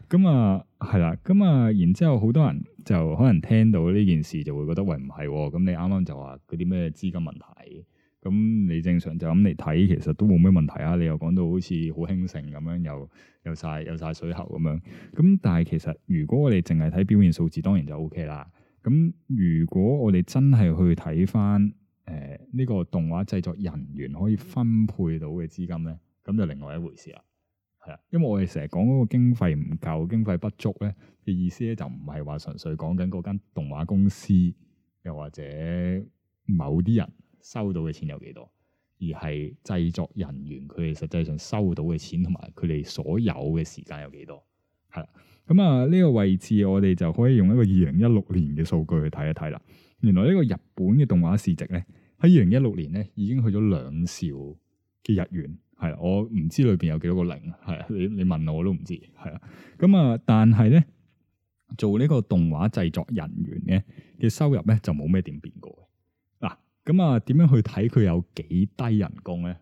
[SPEAKER 1] 咁、嗯、啊，係啦，咁啊，然之後好多人就可能聽到呢件事就會覺得喂，唔係喎，咁你啱啱就話嗰啲咩資金問題，咁你正常就咁嚟睇，其實都冇咩問題啊。你又講到好似好興盛咁樣，又有晒又曬、曬水喉咁樣，咁但係其實如果我哋淨係睇表面數字，當然就 OK 啦。咁如果我哋真係去睇返誒呢個動畫製作人員可以分配到嘅資金咧，咁就另外一回事啦。因為我哋成日講嗰個經費唔夠、經費不足呢，嘅意思咧，就唔係話純粹講緊嗰間動畫公司，又或者某啲人收到嘅錢有幾多，而係製作人員佢哋實際上收到嘅錢同埋佢哋所有嘅時間有幾多。係啦，咁啊呢個位置我哋就可以用一個二零一六年嘅數據去睇一睇啦。原來呢個日本嘅動畫市值呢，喺二零一六年呢已經去咗兩兆嘅日元。係，我唔知裏邊有幾多個零，係啊，你你問我我都唔知，係啊，咁、嗯、啊，但係咧做呢個動畫製作人員嘅嘅收入咧就冇咩點變過嘅，嗱，咁啊，點、嗯、樣去睇佢有幾低人工咧？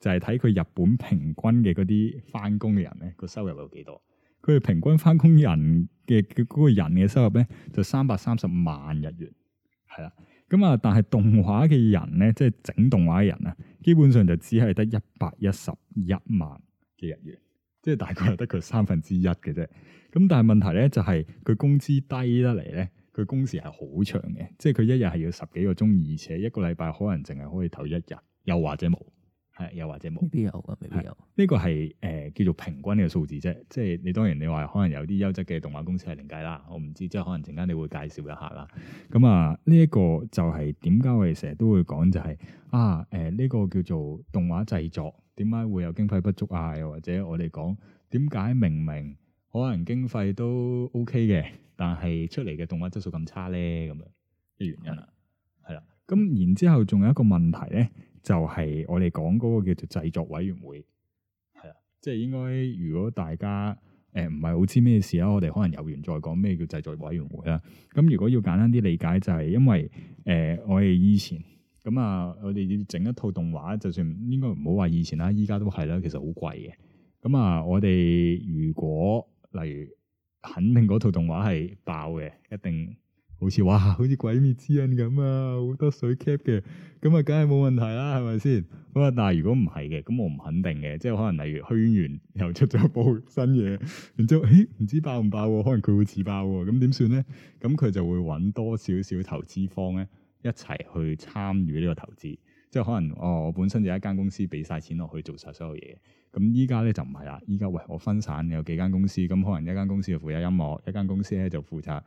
[SPEAKER 1] 就係睇佢日本平均嘅嗰啲翻工嘅人咧個收入有幾多？佢平均翻工人嘅嗰個人嘅收入咧就三百三十萬日元，係啦，咁、嗯、啊，但係動畫嘅人咧，即、就、係、是、整動畫嘅人啊。基本上就只係得一百一十一萬嘅日元，即係大概係得佢三分之一嘅啫。咁但係問題咧就係佢工資低得嚟咧，佢工時係好長嘅，即係佢一日係要十幾個鐘，而且一個禮拜可能淨係可以唞一日，又或者冇。又或者冇？未必有噶，未必有。呢、這個係誒、呃、叫做平均嘅數字啫。即係你當然，你話可能有啲優質嘅動畫公司係另計啦。我唔知，即係可能陣間你會介紹一下啦。咁、嗯、啊，呢、這、一個就係點解我哋成日都會講就係、是、啊誒呢、呃這個叫做動畫製作點解會有經費不足啊？又或者我哋講點解明明可能經費都 OK 嘅，但係出嚟嘅動畫質素咁差咧？咁樣嘅原因啦，係啦、嗯。咁、嗯、然之後仲有一個問題咧。就係我哋講嗰個叫做製作委員會，係啊，即係應該如果大家誒唔係好知咩事啦，我哋可能有緣再講咩叫製作委員會啦。咁如果要簡單啲理解，就係因為誒、呃、我哋以前咁啊，我哋要整一套動畫，就算應該唔好話以前啦，依家都係啦，其實好貴嘅。咁啊，我哋如果例如肯定嗰套動畫係爆嘅，一定。好似哇，好似鬼滅之刃咁啊，好多水 cap 嘅，咁啊，梗係冇問題啦，係咪先？咁啊，但係如果唔係嘅，咁我唔肯定嘅，即係可能例如圈完又出咗一部新嘢，然之後，誒，唔知爆唔爆喎、啊？可能佢會自爆喎、啊，咁點算咧？咁佢就會揾多少少投資方咧，一齊去參與呢個投資。即係可能，哦，我本身就有一間公司，俾晒錢落去做曬所有嘢。咁依家咧就唔係啦，依家喂，我分散有幾間公司，咁可能一間公司就負責音樂，一間公司咧就負責，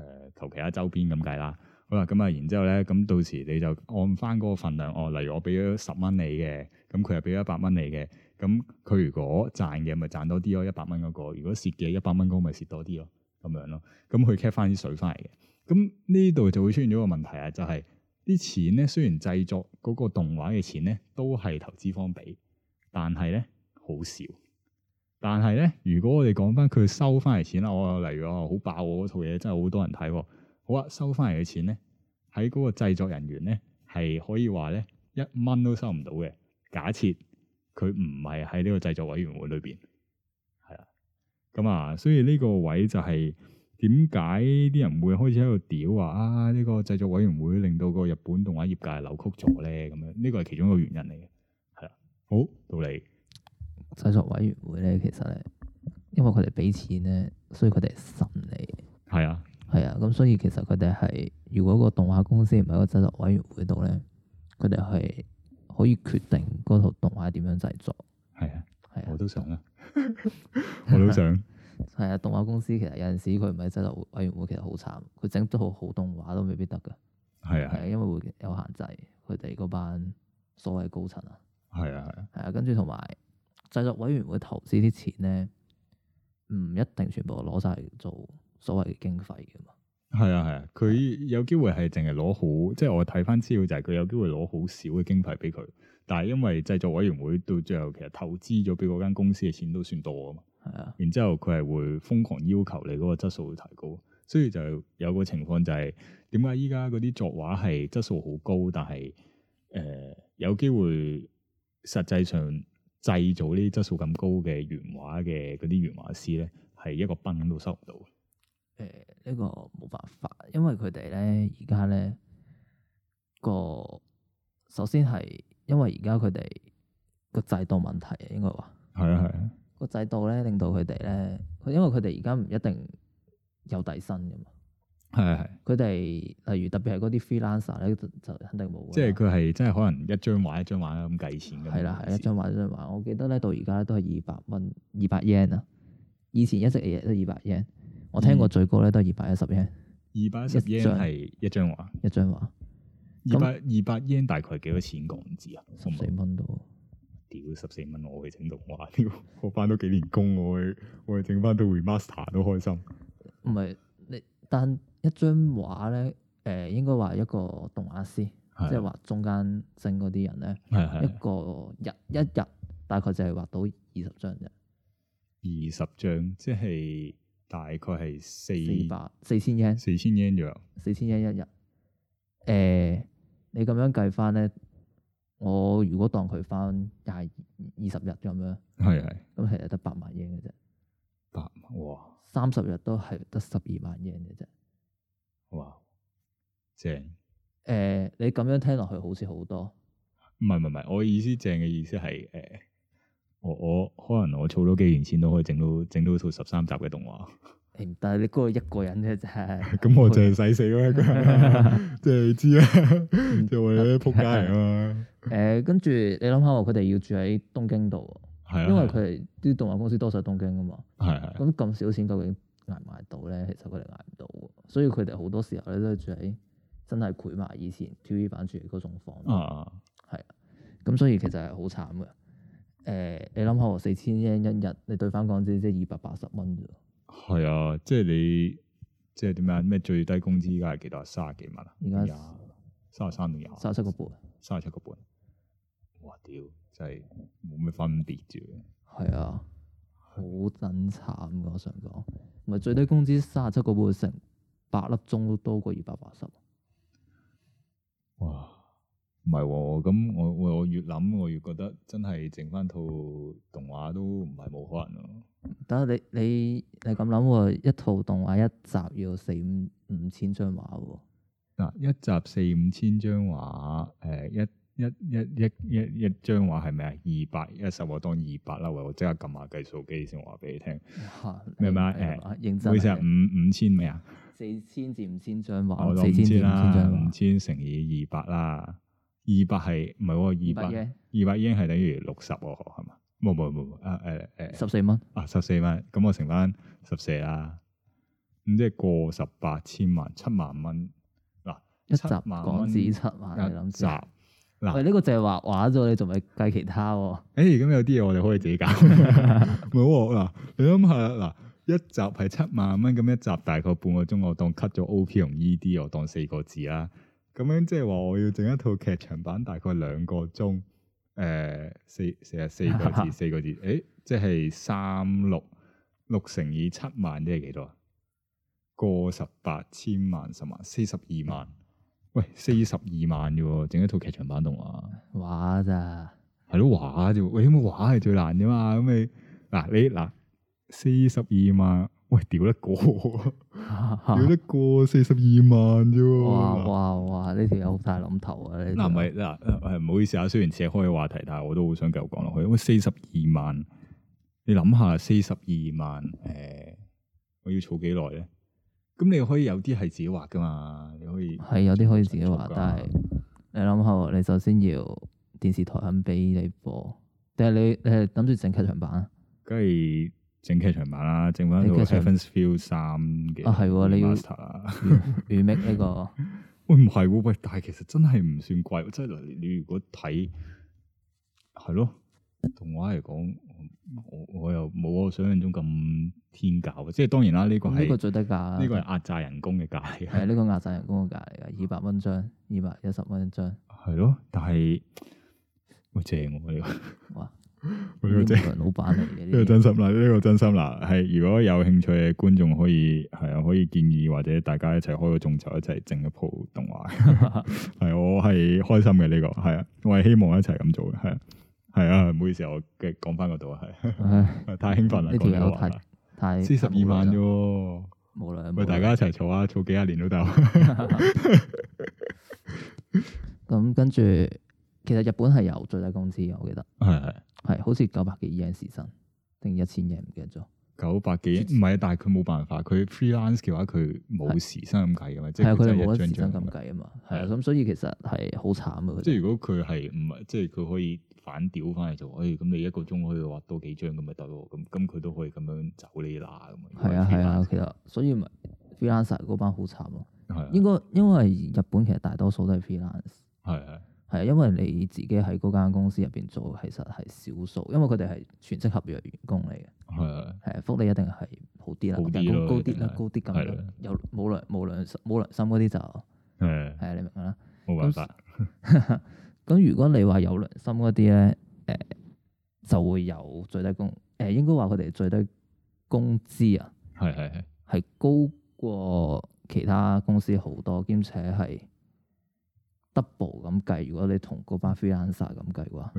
[SPEAKER 1] 誒求、呃、其他周邊咁計啦，好啦，咁啊，然之後咧，咁到時你就按翻嗰個份量哦。例如我俾咗十蚊你嘅，咁佢又俾咗一百蚊你嘅，咁佢如果賺嘅咪賺多啲咯、哦，一百蚊嗰個；如果蝕嘅一百蚊嗰咪蝕多啲咯、哦，咁樣咯。咁佢 cap 翻啲水翻嚟嘅。咁呢度就會出現咗一個問題啊，就係、是、啲錢咧，雖然製作嗰個動畫嘅錢咧都係投資方俾，但係咧好少。但係咧，如果我哋講翻佢收翻嚟錢啦，我又例如話好爆喎，嗰套嘢真係好多人睇喎。好啊，收翻嚟嘅錢咧，喺嗰個製作人員咧係可以話咧一蚊都收唔到嘅。假設佢唔係喺呢個製作委員會裏邊，係啦。咁啊，所以呢個位就係點解啲人會開始喺度屌話啊，啊，呢個製作委員會令到個日本動畫業界扭曲咗咧，咁樣呢個係其中一個原因嚟嘅。係啦、啊，好到你。製
[SPEAKER 2] 作委員會咧，其實咧，因為佢哋畀錢咧，所以佢哋係神嚟嘅。係啊，係啊，咁所以其實佢哋係，如果個動畫公司唔喺個製作委員會度咧，佢哋係可以決定嗰套動畫點樣製作。係啊，係啊，我都想啊，
[SPEAKER 1] 我都想。
[SPEAKER 2] 係啊，動畫公司其實有陣時佢唔係製作委員會，其實好慘，佢整咗好好動畫都未必得噶。
[SPEAKER 1] 係啊，係啊，
[SPEAKER 2] 因為會有限制佢哋嗰班所謂高層啊。係啊，係啊，係啊，跟住同埋。製作委員會投資啲錢咧，唔一定全
[SPEAKER 1] 部攞曬嚟做所謂嘅經費嘅嘛。係啊係啊，佢、啊、有機會係淨係攞好，即係我睇翻資料就係佢有機會攞好少嘅經費畀佢，但係因為製作委員會到最後其實投資咗俾嗰間公司嘅錢都算多啊嘛。係啊，然之後佢係會瘋狂要求你嗰個質素會提高，所以就有個情況就係點解依家嗰啲作畫係質素好高，但係誒、呃、有機會實際上。製造呢啲質素咁高嘅原畫嘅嗰啲原畫師咧，係一個崩都收唔到
[SPEAKER 2] 嘅。誒、呃，呢、這個冇辦法，因為佢哋咧而家咧，個首先係因為而家佢哋個制度問題應該話係啊係、嗯、啊個制度咧令到佢哋咧，佢因為佢哋而家唔一定有底薪㗎嘛。係係，佢哋例如特別係嗰啲 freelancer 咧，就肯定冇。即係佢係真係可能
[SPEAKER 1] 一張畫一張畫咁計錢㗎。係啦係，一
[SPEAKER 2] 張畫一張畫。我記得咧到而家都係二百蚊，二百 yen 啊。以前一直日日都二百 yen。我聽過最高咧都係二百一十
[SPEAKER 1] 張 yen。二百一十 yen 係，一張畫。一張畫。
[SPEAKER 2] 二百
[SPEAKER 1] 二百 yen 大概幾多錢港紙啊？十四蚊到。屌，十四蚊， 我去整動畫，呢我翻多幾年工，我去我去整翻套 remaster 都開心。唔係你，但一張畫咧，誒、呃、應該話
[SPEAKER 2] 一個動畫師，即係畫中間精嗰啲人咧，的一個日一日
[SPEAKER 1] 大概就係畫到二十張啫。二十張即係大概係四百四千英，四千英左右，四千英一日。
[SPEAKER 2] 誒、呃，你咁樣計翻咧，我如果當佢翻廿二十日咁樣，係係的，咁係得八萬英嘅啫。八哇，三十日都係得十二萬英嘅啫。
[SPEAKER 1] 哇！正，誒、呃，你咁樣聽落去好似好多，唔係唔係，我意思正嘅意思係誒、呃，我我可能我儲多幾年錢都可以整到整到套十三集嘅動畫。
[SPEAKER 2] 但係你嗰個一個人啫、啊？就係咁，我就係使
[SPEAKER 1] 死嗰一個人啦、啊，即係知啦，就會有啲仆街嚟噶嘛。
[SPEAKER 2] 誒，跟住你諗下，佢哋要住喺東京度，係、啊，因為佢哋啲動畫公司多晒東京噶嘛。係係、啊，咁咁少錢究竟？捱唔捱到咧，其實佢哋捱唔到，所以佢哋好多時候咧都係住喺真係攰埋以前 TV 版住嗰種房，係啊，咁所以其實係好慘嘅。誒、呃，你諗下四千日圓一日，你兌翻港紙即係二百八十蚊啫。
[SPEAKER 1] 係啊，即係你即係點樣啊？咩最低工資依家係幾多啊？三啊幾萬啊？而家三啊三定廿？三啊七個半。三啊七個半。哇！屌、啊，真係冇咩分別啫。係啊。好真慘㗎，我想講，
[SPEAKER 2] 唔係最低工資三十七個半成八粒鐘都多過二百八十。
[SPEAKER 1] 哇，唔係喎，咁我我我越諗我越覺得真係剩翻套動畫都唔係冇可能咯。
[SPEAKER 2] 但係你你你咁諗
[SPEAKER 1] 喎，一套動畫一集要四五五千張畫喎。嗱、啊，一集四五千張畫，誒、呃、一。一一一一一張畫係咩啊？二百一十我當二百啦，我即刻撳下計數機先話俾你聽，哇明唔明啊？認真日，好似係五五千咩啊？四千
[SPEAKER 2] 至五千我說 張畫，我當五千啦，五
[SPEAKER 1] 千乘以二百啦，二百係唔係喎？二百二百已經係等於六十個學係嘛？冇冇冇冇啊！誒誒十四蚊啊！十四蚊，咁我乘翻十四啦，咁即係過十八千萬七萬蚊嗱，一集港紙七萬，一集。嗱，呢喂個就係畫畫咗，你仲係計其他啊？誒、哎，而家有啲嘢我哋可以自己搞，唔好嗱，你諗下，嗱，一集係七萬蚊，咁一集大概半個鐘，我當 cut 咗 O P 同 E D，我當四個字啦。咁樣即係話我要整一套劇場版，大概兩個鐘，誒、呃，四四啊四,四個字四個字，四個字，誒，即係三六六乘以七萬，即係幾多？個十八千萬十萬四十二萬。嗯。喂，四十二萬啫，整一套劇場版動畫，畫咋？係咯，畫 啫。喂，畫因為畫係最難噶嘛。咁你嗱，你嗱，四十二萬，喂，屌得過，屌、啊、得過四十二萬啫、啊？哇哇哇！呢條友好大諗頭啊！嗱唔係，嗱，唔好意思啊。雖然扯開嘅話題，但係我都好想繼續講落去。因為四十二萬，你諗下四十二萬，誒、呃，我要儲幾耐咧？咁你可以有啲係自己畫噶嘛？你可以係有啲可以自
[SPEAKER 2] 己畫，但係是、嗯、你諗下，你首先要電視台肯畀你播，定係你你係諗住整劇場版啊？梗
[SPEAKER 1] 係整劇場版啦，整翻，套、那個《Heaven's Feel 三》嘅啊，係、哦、你要 remake 呢個？喂唔係喎，喂但係其實真係唔算貴，即係你你如果睇係咯，動畫嚟講。我又冇我想象中咁天價嘅，即係當然啦。呢、這個係呢個最低價，呢個係壓榨人工嘅價。係呢、這個壓榨人工嘅價嚟嘅，二百蚊張，二百一十蚊一張。係咯，但係喂，正我呢呀？這個、哇，呢、這個真係老闆嚟嘅。呢 個真心啦，呢、這個真心啦。係、這個、如果有興趣嘅觀眾，可以係啊，可以建議或者大家一齊開個眾籌，一齊整一部動畫。係 我係開心嘅呢、這個，係啊，我係希望一齊咁做嘅，係啊。係啊，唔好意思，我嘅講翻嗰度啊，係太興奮啦，呢條友太太，四十二萬嘅，冇啦，咪大家一齊坐啊，坐幾廿年都得！
[SPEAKER 2] 咁跟住，其實日本係有最低工資嘅，我記得係係好似九百幾 E N 時薪定一千嘅，唔記得咗。
[SPEAKER 1] 九百幾唔係，但係佢冇辦法，佢 freelance 嘅話，佢冇時薪咁計嘅嘛，即係佢哋冇得個時薪咁計啊嘛，係啊，咁所以其實係好慘嘅。即係如果佢係唔係，即係佢可以。反屌翻嚟做，哎，咁你一個鐘可以畫多幾張咁咪得咯，咁咁佢都可以咁樣走你啦咁。係啊係
[SPEAKER 2] 啊，其實所以咪 freelancer 嗰班好慘啊。係啊。應該因為日本其實大多數都係 freelance。係係。係啊，因為你自己喺嗰間公司入邊做，其實係少數，因為佢哋係全職合約員工嚟嘅。係啊。係啊，福利一定係好啲啦，人工高啲啦，高啲咁。有冇良冇良，冇良心嗰啲就。誒。係啊，你明啦。冇辦法。咁如果你話有良心嗰啲咧，誒、呃、就會有最低工，誒、呃、應該話佢哋最低工資啊，係系系，係高過其他公司好多，兼且係 double 咁計。如果你同嗰班 freelancer 咁計話，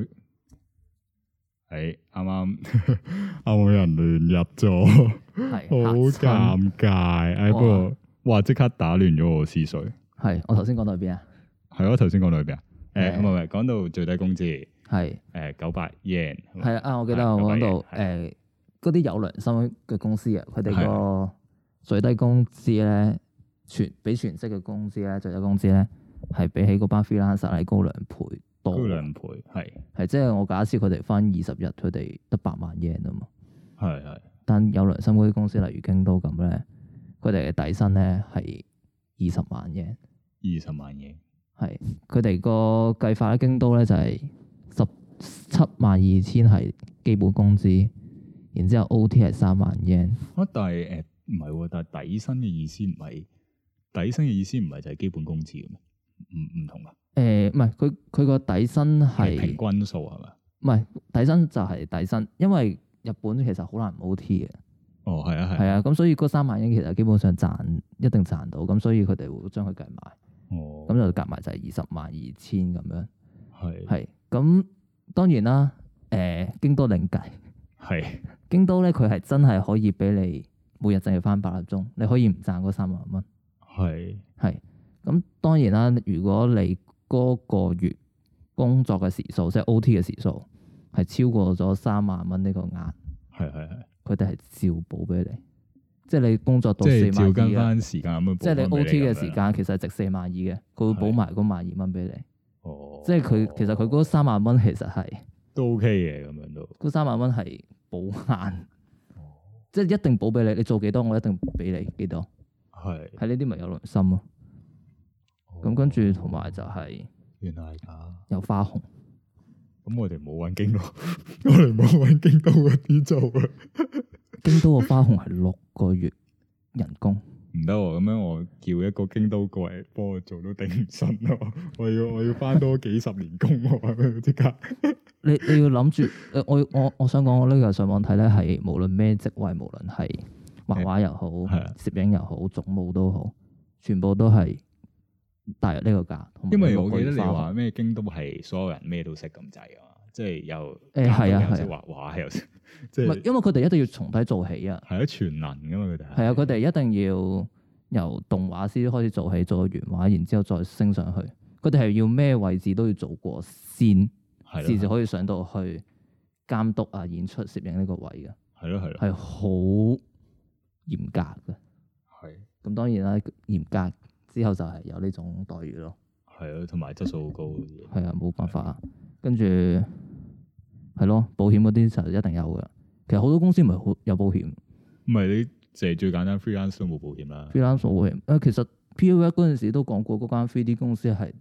[SPEAKER 1] 誒啱啱啱好有人亂入咗，
[SPEAKER 2] 好尷
[SPEAKER 1] 尬！不過，哇！即、哎、刻打亂咗我思緒。係我頭先講到去邊啊？係啊，頭先講到去邊啊？誒，唔係唔係，講、嗯、到最低工資係誒九百 yen。係是、呃、啊，我記得我講到
[SPEAKER 2] 誒，嗰啲，啊呃、有良心嘅公司啊，佢哋個最低工資咧，全俾全職嘅工資咧，最低工資咧係比起嗰班 freelancer 高兩倍多，兩倍，係係，即係我假設佢哋翻二十日，佢哋得八萬 yen 啊嘛。係係，但有良心嗰啲公司，例如京都咁咧，佢哋嘅底薪咧係二十萬 yen，二十萬 yen。係佢哋個計法喺京都咧，就係十七萬二千係基本工資，然之後 O T 係三萬 yen。
[SPEAKER 1] 啊，但係誒唔係，但係底薪嘅意思唔係，底薪嘅意思唔係就係基本工資嘅咩？唔唔同啊？
[SPEAKER 2] 誒唔係，佢佢個底薪係平
[SPEAKER 1] 均數係嘛？
[SPEAKER 2] 唔係，底薪就係底薪，因為日本其實好難唔 O T 嘅。哦，係啊，係啊，咁所以嗰三萬 yen 其實基本上賺一定賺到，咁所以佢哋會將佢計埋。哦，咁就夾埋就係二十萬二千咁樣，係是，係，咁當然啦，誒、呃，京都領計，係是，京都咧佢係真係可以俾你每日淨係返八粒鐘，你可以唔賺嗰三萬蚊，係是，係，咁當然啦，如果你嗰個月工作嘅時數，即、就、係、是、O T 嘅時數，係超過咗三萬蚊呢個額，係係係，佢哋係照補俾你。即係你工作到萬，即係照跟
[SPEAKER 1] 時間咁樣，即係你 O T 嘅時間
[SPEAKER 2] 其實係值四萬二嘅，佢會補埋嗰萬二蚊俾你。
[SPEAKER 1] 哦，即係佢
[SPEAKER 2] 其實佢嗰三萬蚊其實係都 OK 嘅，咁樣都。嗰三萬蚊係補限，哦、即係一定補俾你。你做幾多，我一定俾你幾多。係係呢啲咪有良心咯？咁跟住同埋就係，原來係咁，有花紅。咁我哋冇好揾京東，我哋冇好揾京東嗰啲做啊！京都嘅花紅係六個月人工，
[SPEAKER 1] 唔得咁樣，我叫一個京都過嚟幫我做到頂薪咯。我要我要翻多幾十年工， 我即刻？你你要諗住，
[SPEAKER 2] 我我我想講，我呢日上網睇咧，係無論咩職位，無論係畫畫又好，攝、欸、影又好，啊、總務都好，全部都係大約呢個價。
[SPEAKER 1] 因為我記得你話咩，京都係所有人咩都識咁滯、欸欸、啊、嘛、啊？即係又誒係啊係，識畫畫又識。即係，就是，
[SPEAKER 2] 因為佢哋一定要從低做起啊，係
[SPEAKER 1] 啊，全能噶嘛佢哋
[SPEAKER 2] 係啊，佢哋一定要由動畫師開始做起，做到原畫，然之後再升上去。佢哋係要咩位置都要做過先，先至的可以上到去監督啊、演出、攝影呢個位嘅。係咯係咯，係好嚴格嘅。係咁的，當然啦，嚴格之後就係有呢種待遇咯。
[SPEAKER 1] 係啊，同埋質素好高。
[SPEAKER 2] 係啊， 冇辦法啊，的跟住。係咯，保險嗰啲就一定有㗎。其實好多公司唔係好有保險。
[SPEAKER 1] 唔係，你就係最簡單，freelance 都冇保險啦。
[SPEAKER 2] freelance 冇保險。誒，其實 P.A. Works 嗰陣時都講過，嗰間 three D 公司係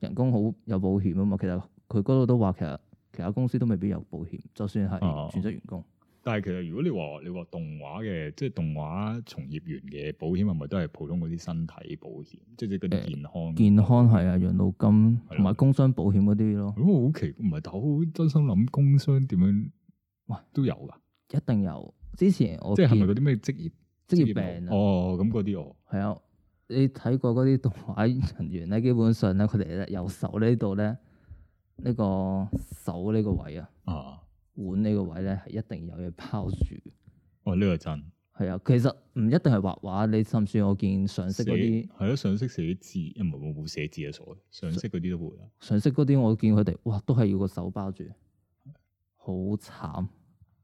[SPEAKER 2] 人工好有保險啊嘛。其實佢嗰度都話，其實其他公司都未必有保險，就算係全職員
[SPEAKER 1] 工。哦。但係其實如果你話你話動畫嘅即係動畫從業員嘅保險係咪都係普通嗰啲身體保險，即係嗰啲健康
[SPEAKER 2] 健康係啊，養老金同埋、嗯、工傷保險嗰啲咯。咁、哦、好奇唔係，但係好真心諗工傷點樣？喂，都有㗎、啊，一定有。之前我即係係咪嗰啲咩職業職業病啊？哦，咁嗰啲哦。係啊，你睇過嗰啲動畫人員咧， 基本上咧佢哋咧由手呢度咧呢個手呢個位啊。啊。碗呢個位咧係一定有嘢包住。哇、哦！呢個真係啊，其實唔一定係畫畫，你甚算我見上色嗰啲
[SPEAKER 1] 係啊，上色寫字，因為冇冇寫字嘅所謂，上色嗰啲都會啊。
[SPEAKER 2] 上色嗰啲我見佢哋，哇，都係要個手包住，
[SPEAKER 1] 好慘。誒啊、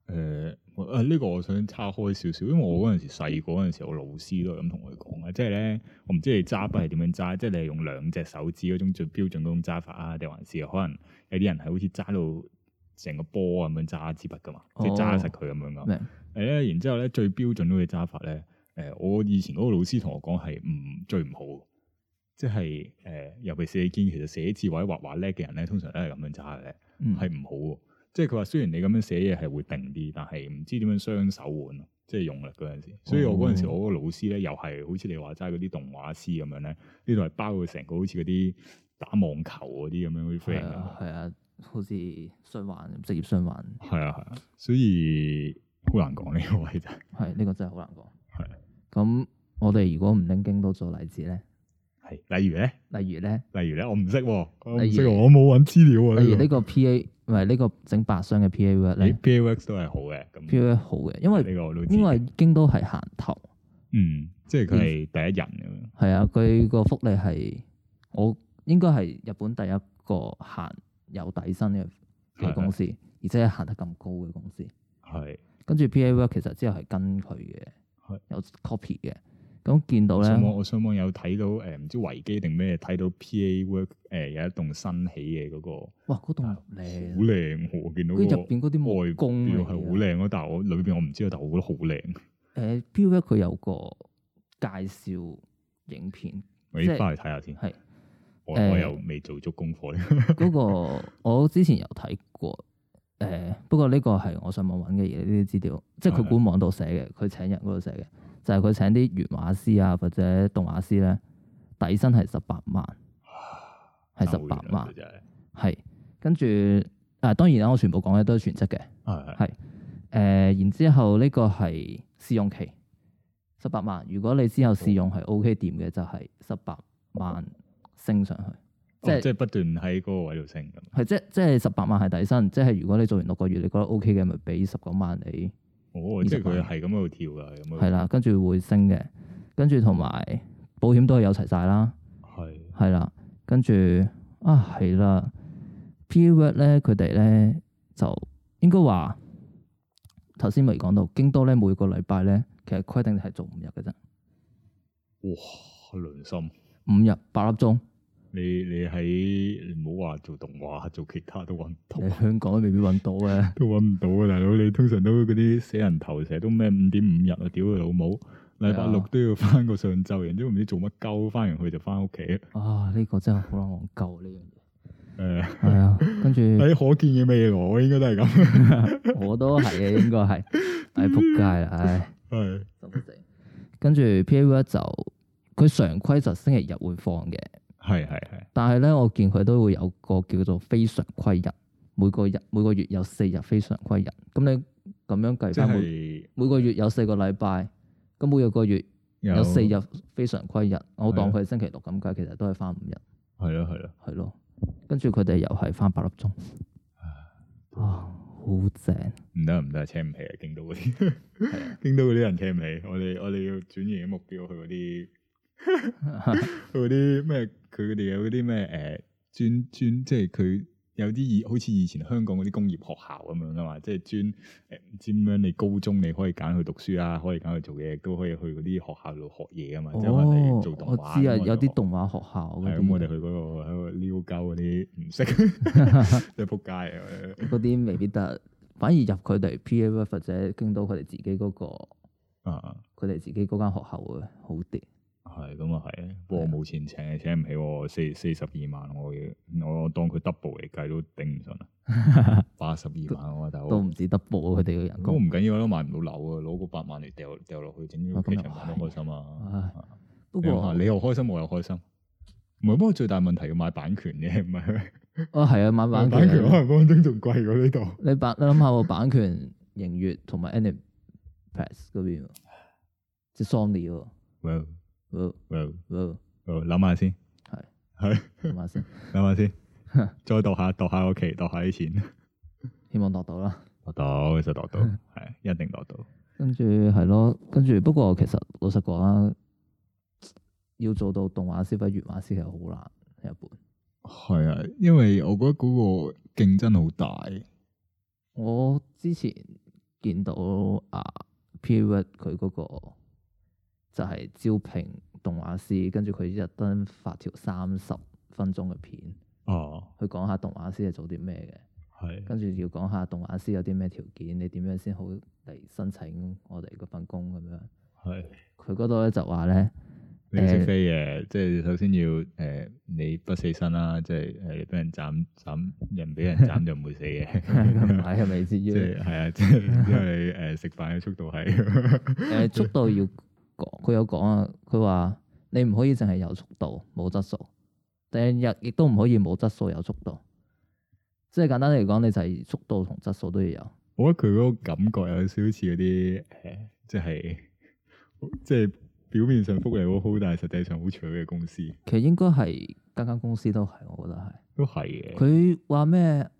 [SPEAKER 1] 呃！呢、呃這個我想叉開少少，因為我嗰陣時細個嗰時，我老師都係咁同佢講嘅，即係咧，我唔知你揸筆係點樣揸，嗯、即係你係用兩隻手指嗰種最標準嗰種揸法啊，定還是可能有啲人係好似揸到。成個波咁樣揸支筆噶嘛，哦、即係揸實佢咁樣噶。明誒白，然之後咧最標準嗰個揸法咧，誒我以前嗰個老師同我講係唔最唔好，即係誒、呃，尤其是你見其實寫字或者畫畫叻嘅人咧，通常都係咁樣揸嘅，係唔、嗯、好。即係佢話雖然你咁樣寫嘢係會定啲，但係唔知點樣雙手換，即係用力嗰陣時。所以我嗰陣時我個老師咧、哦、又係好似你話齋嗰啲動畫師咁樣咧，呢度係包括成個好似嗰啲打網球嗰啲咁樣嗰啲 friend 啊，係啊。好似循環，職業循環係啊係啊，所以好難講呢個位啫。係呢、這個真係好難講。
[SPEAKER 2] 係咁、啊，我哋如果唔拎京都做例子咧，係例如咧，例如咧，例如咧，我唔識，唔識我
[SPEAKER 1] 冇揾資料。例如呢個
[SPEAKER 2] P A 唔係呢個整白箱嘅 PA Works 咧
[SPEAKER 1] ，PA Works 都係好嘅，咁
[SPEAKER 2] PA Works 好嘅，因為呢、這個我因為京都係行頭，嗯，
[SPEAKER 1] 即係佢係第一人咁樣。
[SPEAKER 2] 係、嗯、啊，佢個福利係我應該係日本第一個行。有底薪嘅公司，而且係行得咁高嘅公司，係跟住 P A work 其實之後係跟佢嘅，係有 copy 嘅。咁見到咧，上
[SPEAKER 1] 我上網有睇到誒，唔知維基定咩睇到 P A work 誒有一棟新起嘅嗰個，哇！嗰棟好靚，我見到佢入邊嗰啲外觀係好靚咯。但係我裏邊我唔知道，但係我覺得好靚。誒 P A
[SPEAKER 2] work 佢有個介紹影片，我依家翻去睇下先。係。我又未
[SPEAKER 1] 做足功課、呃。
[SPEAKER 2] 嗰 個我之前有睇過，誒、呃，不過呢個係我上網搵嘅嘢，呢啲資料，即係佢官網度寫嘅，佢請人嗰度寫嘅，就係、是、佢請啲原畫師啊或者動畫師咧，底薪係十八萬，係十八萬，係跟住誒、呃，當然啦，我全部講嘅都係全職嘅，係係唉，誒是、呃，然之後呢個係試用期，十八萬，如果你之後試用係 O K 掂嘅，就係十八萬。嗯升上去，哦、即係
[SPEAKER 1] 是即係不斷喺嗰個
[SPEAKER 2] 位度升咁。係即係即係十八萬係底薪，即係如果你做完六個月你覺得 OK 嘅，咪畀十九萬你。哦，即
[SPEAKER 1] 係佢係咁喺度跳噶，係咪？係啦，
[SPEAKER 2] 跟住會升嘅，跟住同埋保險都係有齊晒啦。係係啦，跟住啊係啦 P.A. Works 咧佢哋咧就應該話頭先咪講到，京都咧每個禮拜咧其實規定係做五日嘅啫。
[SPEAKER 1] 哇，良心
[SPEAKER 2] 五日八粒鐘。
[SPEAKER 1] 你你喺唔好話做動畫，做其他都揾唔到。喺香港未必揾到嘅， 都揾唔到啊！大佬，你通常都嗰啲死人頭，成日都咩五點五日啊！屌佢老母，禮拜六都要翻個上晝，人都唔知做乜鳩，翻完去就翻屋企啊！呢、呢
[SPEAKER 2] 個真係好難救呢樣嘢。係係啊，跟住喺可見嘅咩嘢我應該都係咁，我都係嘅，應該係係扑街啊！唉、哎，係的， 跟住 P A V 就佢常規就星期日會放嘅。係係係，但係咧，我見佢都會有個叫做非常規日，每個日每個月有四日非常規日。咁你咁樣計翻每每個月有四個禮拜，咁每一個月有四日非常規日，我當佢係星期六咁計，其實都係翻五日。
[SPEAKER 1] 係咯係咯，係咯，
[SPEAKER 2] 跟住佢哋又係翻八粒鐘，啊好正！唔
[SPEAKER 1] 得唔得，請唔起啊！京都嗰啲， 京都嗰啲人請唔起，我哋我哋要轉移嘅目標去嗰啲。啲 咩？ 佢哋有啲咩？誒、欸，專專即係佢有啲以，好似、就是、以前香港嗰啲工業學校咁樣啊嘛，即係專誒，唔知點樣。你高中你可以揀去讀書啊，可以揀去做嘢，都可以去嗰啲學校度學嘢啊嘛。即做動畫哦，我知啊，有啲動畫學校。咁，我哋去嗰個喺度撩鳩嗰啲唔識，都撲街啊！嗰啲未必
[SPEAKER 2] 得，反而入佢哋 P.A. 或者京都佢哋自己嗰、那個啊，佢哋
[SPEAKER 1] 自己嗰間學校會好啲。係咁啊，係，不過冇錢請，請唔起我四四十二萬，我要我當佢 double 嚟計都頂唔順啊，八十二萬我大佬都唔止 double 佢哋嘅人工。唔緊要，都買唔到樓啊，攞個八萬嚟掉掉落去，總之開心都開心啊。
[SPEAKER 2] 不過你又
[SPEAKER 1] 開心，我又開心。唔係，不過最大問題要買版權嘅，唔係哦，係啊，買版權，可能當丁仲貴過呢度。你
[SPEAKER 2] 百你諗下個版權盈月同埋 Anipress 嗰邊，即
[SPEAKER 1] 係 Sony 喎。冇。諗下先，係諗下先，諗下先，再度下度下個期，度下啲錢， 希望度到啦，度到其實度到，係 一定度到。
[SPEAKER 2] 跟住係咯，跟住不過其實老實講，要做到動畫師或者原畫師係好難，一般。係啊，因為我覺得嗰個競爭好大。 我之前見到啊，Pivot 佢嗰個。就係招聘動畫師，跟住佢一登發條三十分鐘嘅片，哦，去講下動畫師係做啲咩嘅，係是，跟住要講下動畫師有啲咩條件，你點樣先好嚟申請我哋嗰份工咁樣，係，佢嗰度咧就話咧，你識飛
[SPEAKER 1] 嘅，即係、呃、首先要誒、呃、你不死身啦，即係誒俾人斬斬人俾人斬就唔會死嘅，係咪先？ 即係係啊，即係因為食飯嘅速度係，誒 速度要。
[SPEAKER 2] 佢有講啊，佢話你唔可以淨係有速度冇質素，第二日亦都唔可以冇質素有速度。即係簡單嚟講，你就係速度同質
[SPEAKER 1] 素都要有。我覺得佢嗰個感覺有少少似嗰啲即係即係表面上福利好，好，但係實際上好蠢嘅公司。其實應該係間
[SPEAKER 2] 間公司都係，我覺得係都係嘅。佢話咩？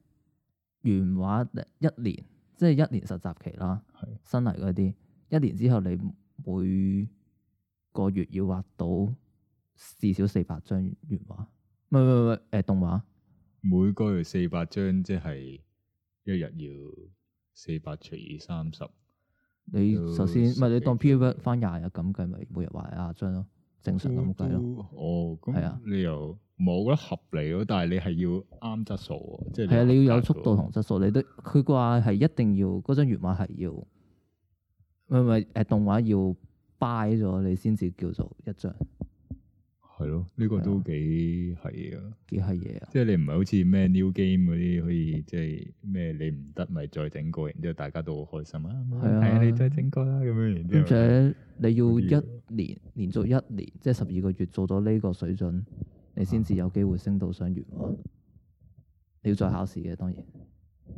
[SPEAKER 2] 原話一年，即係一年實習期啦。係新嚟嗰啲一年之後你。每個月要畫到至少四百張原畫，
[SPEAKER 1] 唔係唔係唔係，誒、欸、動畫。每個月四百張，即係一日要四百除以三十。
[SPEAKER 2] 十你首先唔係你當 PUB 翻廿
[SPEAKER 1] 日咁計咪，每日畫廿張咯，正常咁計咯。哦，咁係啊，你又冇得合理咯，但係你係要啱質素啊，即、就、係、是。係啊，你要有速度同
[SPEAKER 2] 質素，你都佢話係一定要嗰張原畫係要。唔係，誒，動畫要掰
[SPEAKER 1] 咗你先至叫做一張。係咯，呢、這個都幾係啊，幾係嘢啊！即係你唔係好似咩 New Game 嗰啲，可以即係咩你唔得咪再整過，然之後大家都好開心啊！係啊係啊，你再整過啦，咁樣。而且你
[SPEAKER 2] 要一年連續一年，即係十二個月做到呢個水準，你先至有機會升到上原嘛。啊、你要再考試嘅，當然。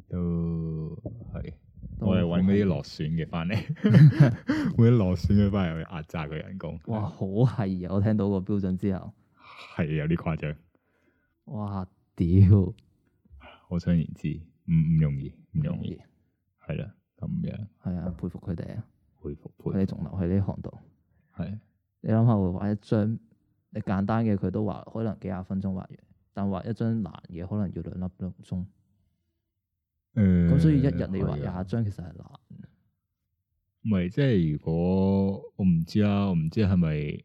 [SPEAKER 2] 都
[SPEAKER 1] 係。我係揾嗰啲落選嘅返嚟，揾啲 落選嘅返嚟去壓榨佢人工。哇，好係啊！我聽到個標準之後，係有啲誇張。哇，屌！可想而知，唔唔容易，唔容
[SPEAKER 2] 易，係啦，咁樣係啊，佩服佢哋啊，佩服！佩服佢哋仲留喺呢行度，係的。你諗下，會畫一張你簡單嘅，佢都話可能幾廿分鐘畫完，但畫一張難嘅可能要兩粒鐘。
[SPEAKER 1] 咁、嗯、所以一日你畫廿
[SPEAKER 2] 張其實係難，
[SPEAKER 1] 唔係即係如果我唔知啊，我唔知係咪，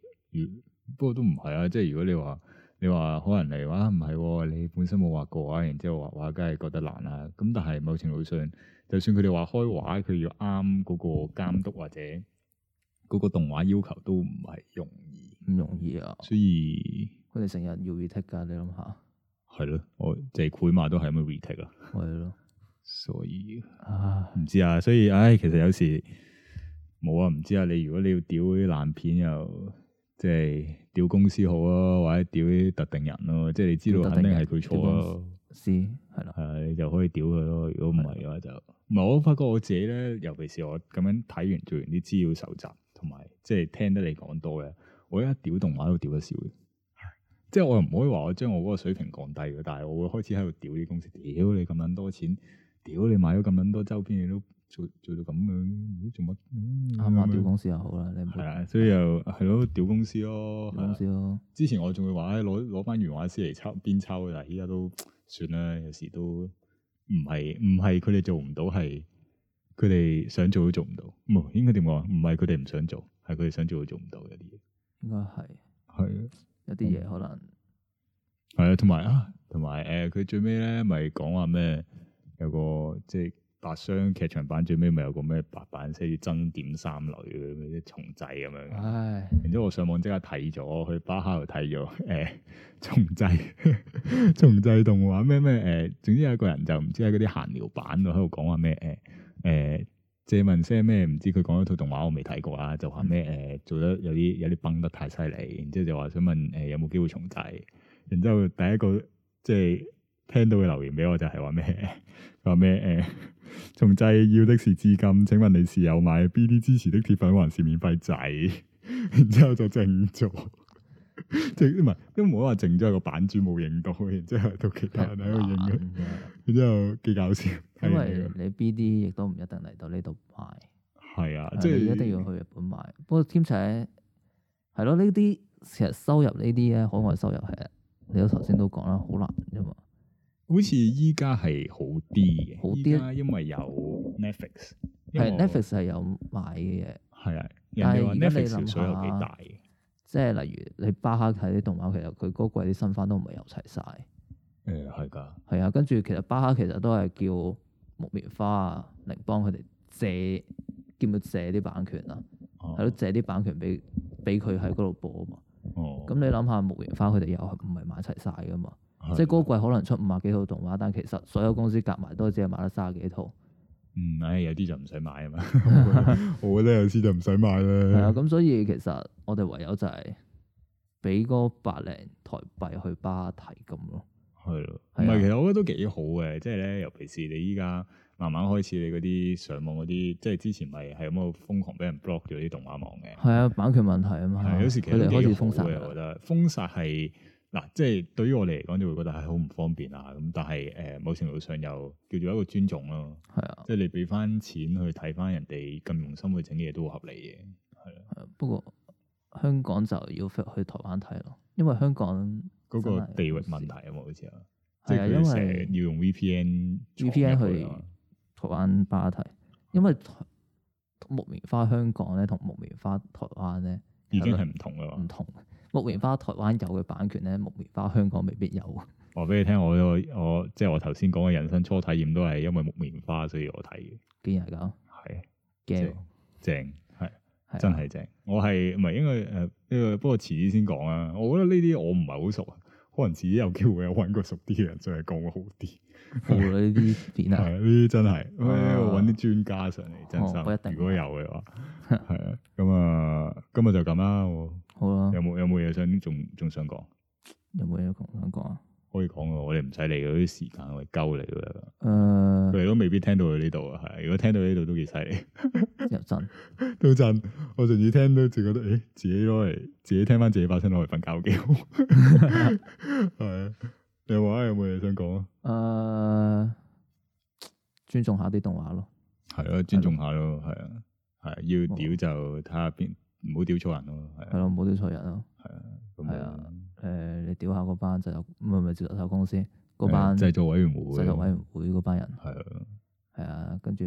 [SPEAKER 1] 不過都唔係啊。即係如果你話你話可能嚟哇，唔、啊、係、哦、你本身冇畫過啊，然之後畫畫，梗係覺得難啦、啊。咁但係某程度上，就算佢哋話開畫，佢要啱嗰個監督或者嗰個動畫要求都唔係容易，唔、嗯、以容易啊。所以佢哋成日要 retake 噶你諗下係咯，我即係起碼都係咁樣 retake 啊，係咯。所以、啊、唔知啊，所以唉，其實有時冇啊，唔知啊。你如果你要屌啲爛片，又即係屌公司好咯、啊，或者屌啲特定人咯、啊，即係你知道肯定係佢錯咯、啊。公司係咯，你就可以屌佢咯。如果唔係嘅話就唔係的我發覺我自己咧，尤其是我咁樣睇完做完啲資料搜集，同埋即係聽得你講多嘅，我一屌動畫都屌得少嘅。的即係我又唔可以話我將我嗰個水平降低嘅，但係我會開始喺度屌啲公司，屌你咁撚多錢。屌！你買咗咁多周邊，嘢都做做到咁樣，啊、做乜？啱啱屌公司又好啦，係啊，所以又係咯，屌公司咯、哦，公司咯、哦。之前我仲會話，攞攞翻原畫師嚟抄邊抄嘅，依家都算啦。有時都唔係唔係佢哋做唔到，係佢哋想做都做唔到。唔應該點講？唔係佢哋唔想做，係佢哋想做都做唔到有啲嘢。
[SPEAKER 2] 應該係係有啲嘢可能
[SPEAKER 1] 係、嗯嗯、啊，同埋啊，同埋誒，佢、呃、最尾咧，咪講話咩？有個即係白箱劇場版最尾咪有個咩白板，即係爭點三流嘅，啲重製咁樣。唉，然之後我上網即刻睇咗，去巴哈度睇咗。誒、欸，重製重製動畫咩咩？誒、呃，總之有一個人就唔知喺嗰啲閒聊版度喺度講話咩？誒、呃、誒，借問聲咩？唔知佢講咗套動畫我未睇過啊，就話咩？誒、呃，做得有啲有啲崩得太犀利，然之後就話想問誒、呃、有冇機會重製？然之後第一個即係。聽到嘅留言俾我就係話咩？話咩？誒、欸，從制要的是資金，請問你是有買 B D 支持的鐵粉，還是免費仔？ 然之後就靜咗，即係唔係，都唔好話靜咗，個版主冇認到，然之後到其他人喺度認嘅， 然之後幾搞笑。因為你
[SPEAKER 2] B D 亦都唔一定嚟到呢度買，係啊，即係一定要去日本買。不過兼且係咯，呢啲其實收入呢啲咧，海外收入係你都頭先都講啦，好難啫嘛。好似依家係好啲嘅，依家因為有 Netflix，Netflix 係有買嘅嘢。係啊的，人哋 Netflix 水有幾大，即係例如你巴哈睇啲動畫，其實佢嗰季啲新番都唔係有齊晒。誒係㗎。係啊，跟住其實巴哈其實都係叫木棉花啊、嚟幫佢哋借，叫唔叫借啲版權啊？係咯、哦，借啲版權俾俾佢喺嗰度播啊嘛。哦。咁你諗下，木棉花佢哋又唔係買齊晒㗎嘛？即係嗰個季可能出五啊幾套動畫，但其實所有公司夾埋都只係買得卅幾套。
[SPEAKER 1] 嗯，唉，有啲就唔使買啊嘛。
[SPEAKER 2] 我覺得有啲就唔使買咧。係 啊，咁所以其實我哋唯有就係俾嗰百零台幣去巴提
[SPEAKER 1] 咁咯。係啊，唔係、啊，其實我覺得都幾好嘅，即係咧，尤其是你依家慢慢開始你嗰啲上網嗰啲，即係之前咪係咁樣瘋狂俾人 block 咗啲動畫網
[SPEAKER 2] 嘅。係啊，啊版權問題啊嘛，有時佢哋開始封殺，我覺
[SPEAKER 1] 得封殺係。嗱、啊，即係對於我哋嚟講，就會覺得係好唔方便啊！咁但係誒，某程度上又叫做一個尊重咯。係啊，即係你俾翻錢去睇翻人哋咁用心去整嘅嘢，都好合理嘅。係啊，啊，不過香港就要去台灣睇咯，
[SPEAKER 2] 因為香港嗰個地域問
[SPEAKER 1] 題啊嘛，好似係啊，
[SPEAKER 2] 啊，因為
[SPEAKER 1] 即要用 VPN 為 VPN 去台
[SPEAKER 2] 灣吧睇，啊、因為木棉花香港咧同木棉花台灣咧已經係唔同啦嘛，唔同。木棉
[SPEAKER 1] 花台灣有嘅版權咧，木棉花
[SPEAKER 2] 香港未必有。
[SPEAKER 1] 話俾你聽，我我即係我頭先講嘅人生初體驗都係因為木棉花，所以我睇嘅。竟然係咁，係是怕正正係是、啊、真係正。我係唔係應該誒？呢個不過遲啲先講啊。我覺得呢啲我唔係好熟啊，可能遲啲有機會有揾個熟啲嘅人再嚟講好啲。呢啲片啊，呢啲 真係揾啲專家上嚟，真心、哦啊、如果有嘅話，係啊。咁、嗯、啊，今日就咁啦。嗯 有冇有冇嘢想仲仲想講？有冇嘢想講啊？可以講啊，我哋唔使理嗰啲時間，我哋夠你。噶啦。誒，佢哋都未必聽到佢呢度啊，係如果聽到呢度都幾犀利。到陣，到陣，我上次聽到，就覺得誒，自己攞嚟，自己聽翻自己把聲攞嚟瞓覺幾好。係啊，你話有冇嘢想講
[SPEAKER 2] 啊？誒，尊重下啲動
[SPEAKER 1] 畫咯，係啊，尊重下咯，係啊，係要屌就睇下片。唔好屌錯人咯，係係咯，唔好屌錯人咯，係啊的，咁係啊，誒、嗯呃，你屌下個班就有，
[SPEAKER 2] 唔係唔係製作公司嗰班製作委員會，製作委員會嗰班人，係啊的，係啊，
[SPEAKER 1] 跟住，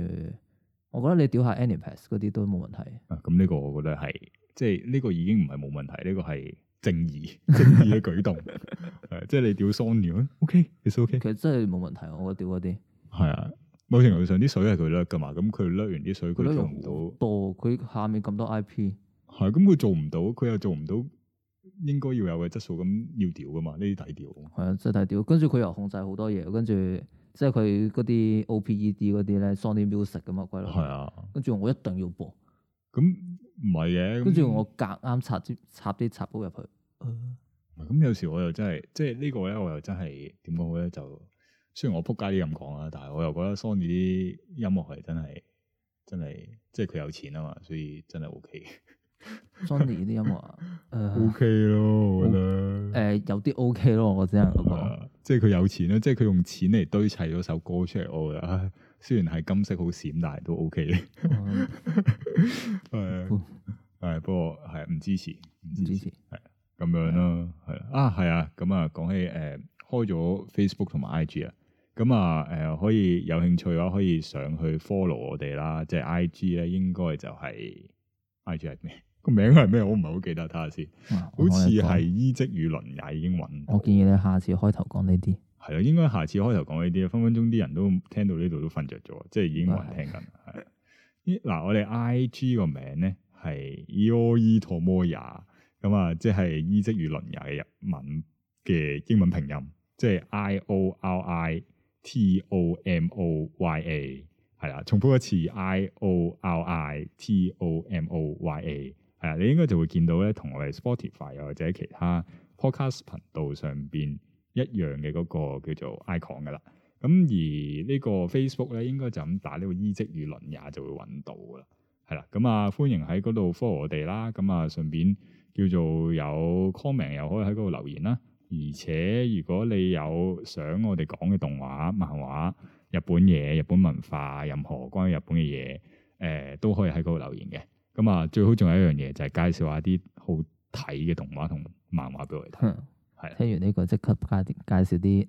[SPEAKER 1] 我
[SPEAKER 2] 覺得你屌下 AnyPass 嗰啲都冇問
[SPEAKER 1] 題。啊，咁呢個我覺得係，即係呢個已經唔係冇問題，呢、這個係正義正義嘅舉動，係， 即係你屌 Sony o k 其實 OK，, okay 其實真係冇問題，我覺得屌嗰啲，係啊，某程度上啲水係佢甩噶嘛，咁佢甩完啲水佢用唔到，多，佢下面咁多 IP。係咁，佢、응嗯、做唔到，佢又做唔到，應該要有嘅質素咁要調噶嘛？呢啲底調，係啊、
[SPEAKER 2] 嗯，真係底調。跟住佢又控制好多嘢，跟住即係佢嗰啲 OPED 嗰啲咧，Sony Music 咁啊，鬼佬、嗯，係啊。跟住我一定要播，
[SPEAKER 1] 咁唔係嘅。嗯、跟住我夾啱插啲插啲插曲入去。咁有時我又真係，即係呢個咧，我又真係點講好咧？就雖然我撲街啲咁講啊，但係我又覺得 Sony 啲音樂係真係真係，即係佢有錢啊嘛，所以真係 OK。Verified, ind
[SPEAKER 2] Johnny 啲音樂，誒，O K 咯，
[SPEAKER 1] 我覺得，誒、哦呃，有啲 O K 咯，我真係覺得， 嗯、即係佢有錢啦，即係佢用錢嚟堆砌咗首歌出嚟，我覺得雖然係金色好閃，但係都 O K 嘅。係，不過係唔支持，唔支持，係咁樣咯，係，啊，係啊，咁啊，講起誒、呃，開咗 Facebook 同埋 I G 啊，咁、嗯、啊，誒、呃，可以有興趣嘅話，可以上去 follow 我哋啦，即係 I G 咧，應該就係 I G 係咩？個名係咩？我唔係好記得，睇下先。好似係衣織與倫也英文。
[SPEAKER 2] 我建議你下次開頭講呢啲。
[SPEAKER 1] 係啊，應該下次開頭講呢啲。分分鐘啲人都聽到呢度都瞓着咗，即係已經冇人聽緊。係，嗱，我哋 I G 個名咧係 i o e Tomoya，咁啊，即係衣織與倫也嘅日文嘅英文拼音，即係 i o L i Tomoya。係啦，重複一次 i o L i Tomoya。係啊，你應該就會見到咧，同我哋 Spotify 又或者其他 Podcast 頻道上邊一樣嘅嗰、那個叫做 icon 嘅啦。咁、啊、而個呢個 Facebook 咧，應該就咁打呢個衣織與倫也就會揾到噶、啊啊、啦。係、啊、啦，咁啊歡迎喺嗰度 follow 我哋啦。咁啊順便叫做有 comment 又可以喺嗰度留言啦。而且如果你有想我哋講嘅動畫、漫畫、日本嘢、日本文化、任何關於日本嘅嘢，誒、呃、都可以喺嗰度留言嘅。咁啊，最好仲有一樣嘢，就係、是、介紹下啲好睇嘅動畫同漫畫俾我哋睇。係、嗯、是聽完呢、
[SPEAKER 2] 這個，即刻加啲介紹啲，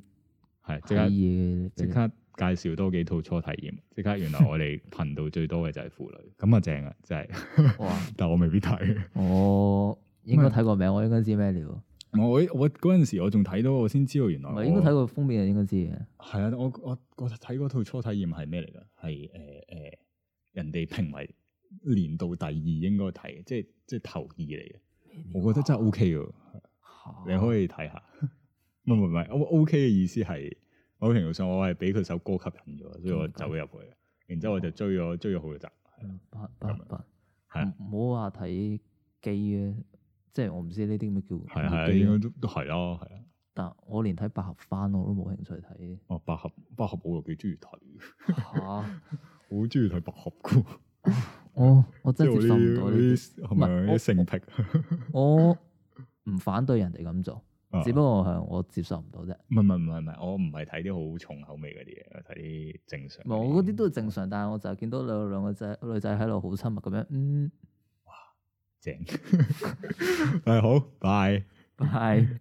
[SPEAKER 1] 係即刻介紹多幾套初體驗。即刻，原來我哋頻道最多嘅就係婦女，咁啊 正啊，真係哇 但我未必睇，我應該睇過名，我應該知咩料。我我嗰陣時我仲睇到，我先知道原來我係應該睇過
[SPEAKER 2] 封面就應該知嘅。
[SPEAKER 1] 係啊，我我我睇嗰套初體驗係咩嚟噶？係誒誒，人哋評為。年度第二應該睇，即係即係頭二嚟嘅，我覺得真係 O K 嘅，你可以睇下。唔係唔係唔係，O O K 嘅意思係，某程度上我係俾佢首歌吸引咗，所以我走入去，然之後我就追咗追咗好幾集。百合百合百合，係唔好話睇機
[SPEAKER 2] 啊，即係我唔知呢啲咩叫。係係
[SPEAKER 1] 都係啊，係啊。
[SPEAKER 2] 但我連睇百
[SPEAKER 1] 合番我都冇興趣睇。哦，百合百合我又幾中意睇，吓，好中意睇百合
[SPEAKER 2] 我、哦、我真係接受唔到呢啲性癖。我唔 反對人哋咁做，啊、只不過係我接受唔到啫。
[SPEAKER 1] 唔係唔係唔係唔係，我唔係睇啲好重口味嗰啲嘢，我睇啲正常。冇、嗯，
[SPEAKER 2] 嗰啲都正常，但係我就見到兩兩個仔女仔喺度好親密咁樣，
[SPEAKER 1] 嗯。哇！
[SPEAKER 2] 正。
[SPEAKER 1] 係好，拜拜。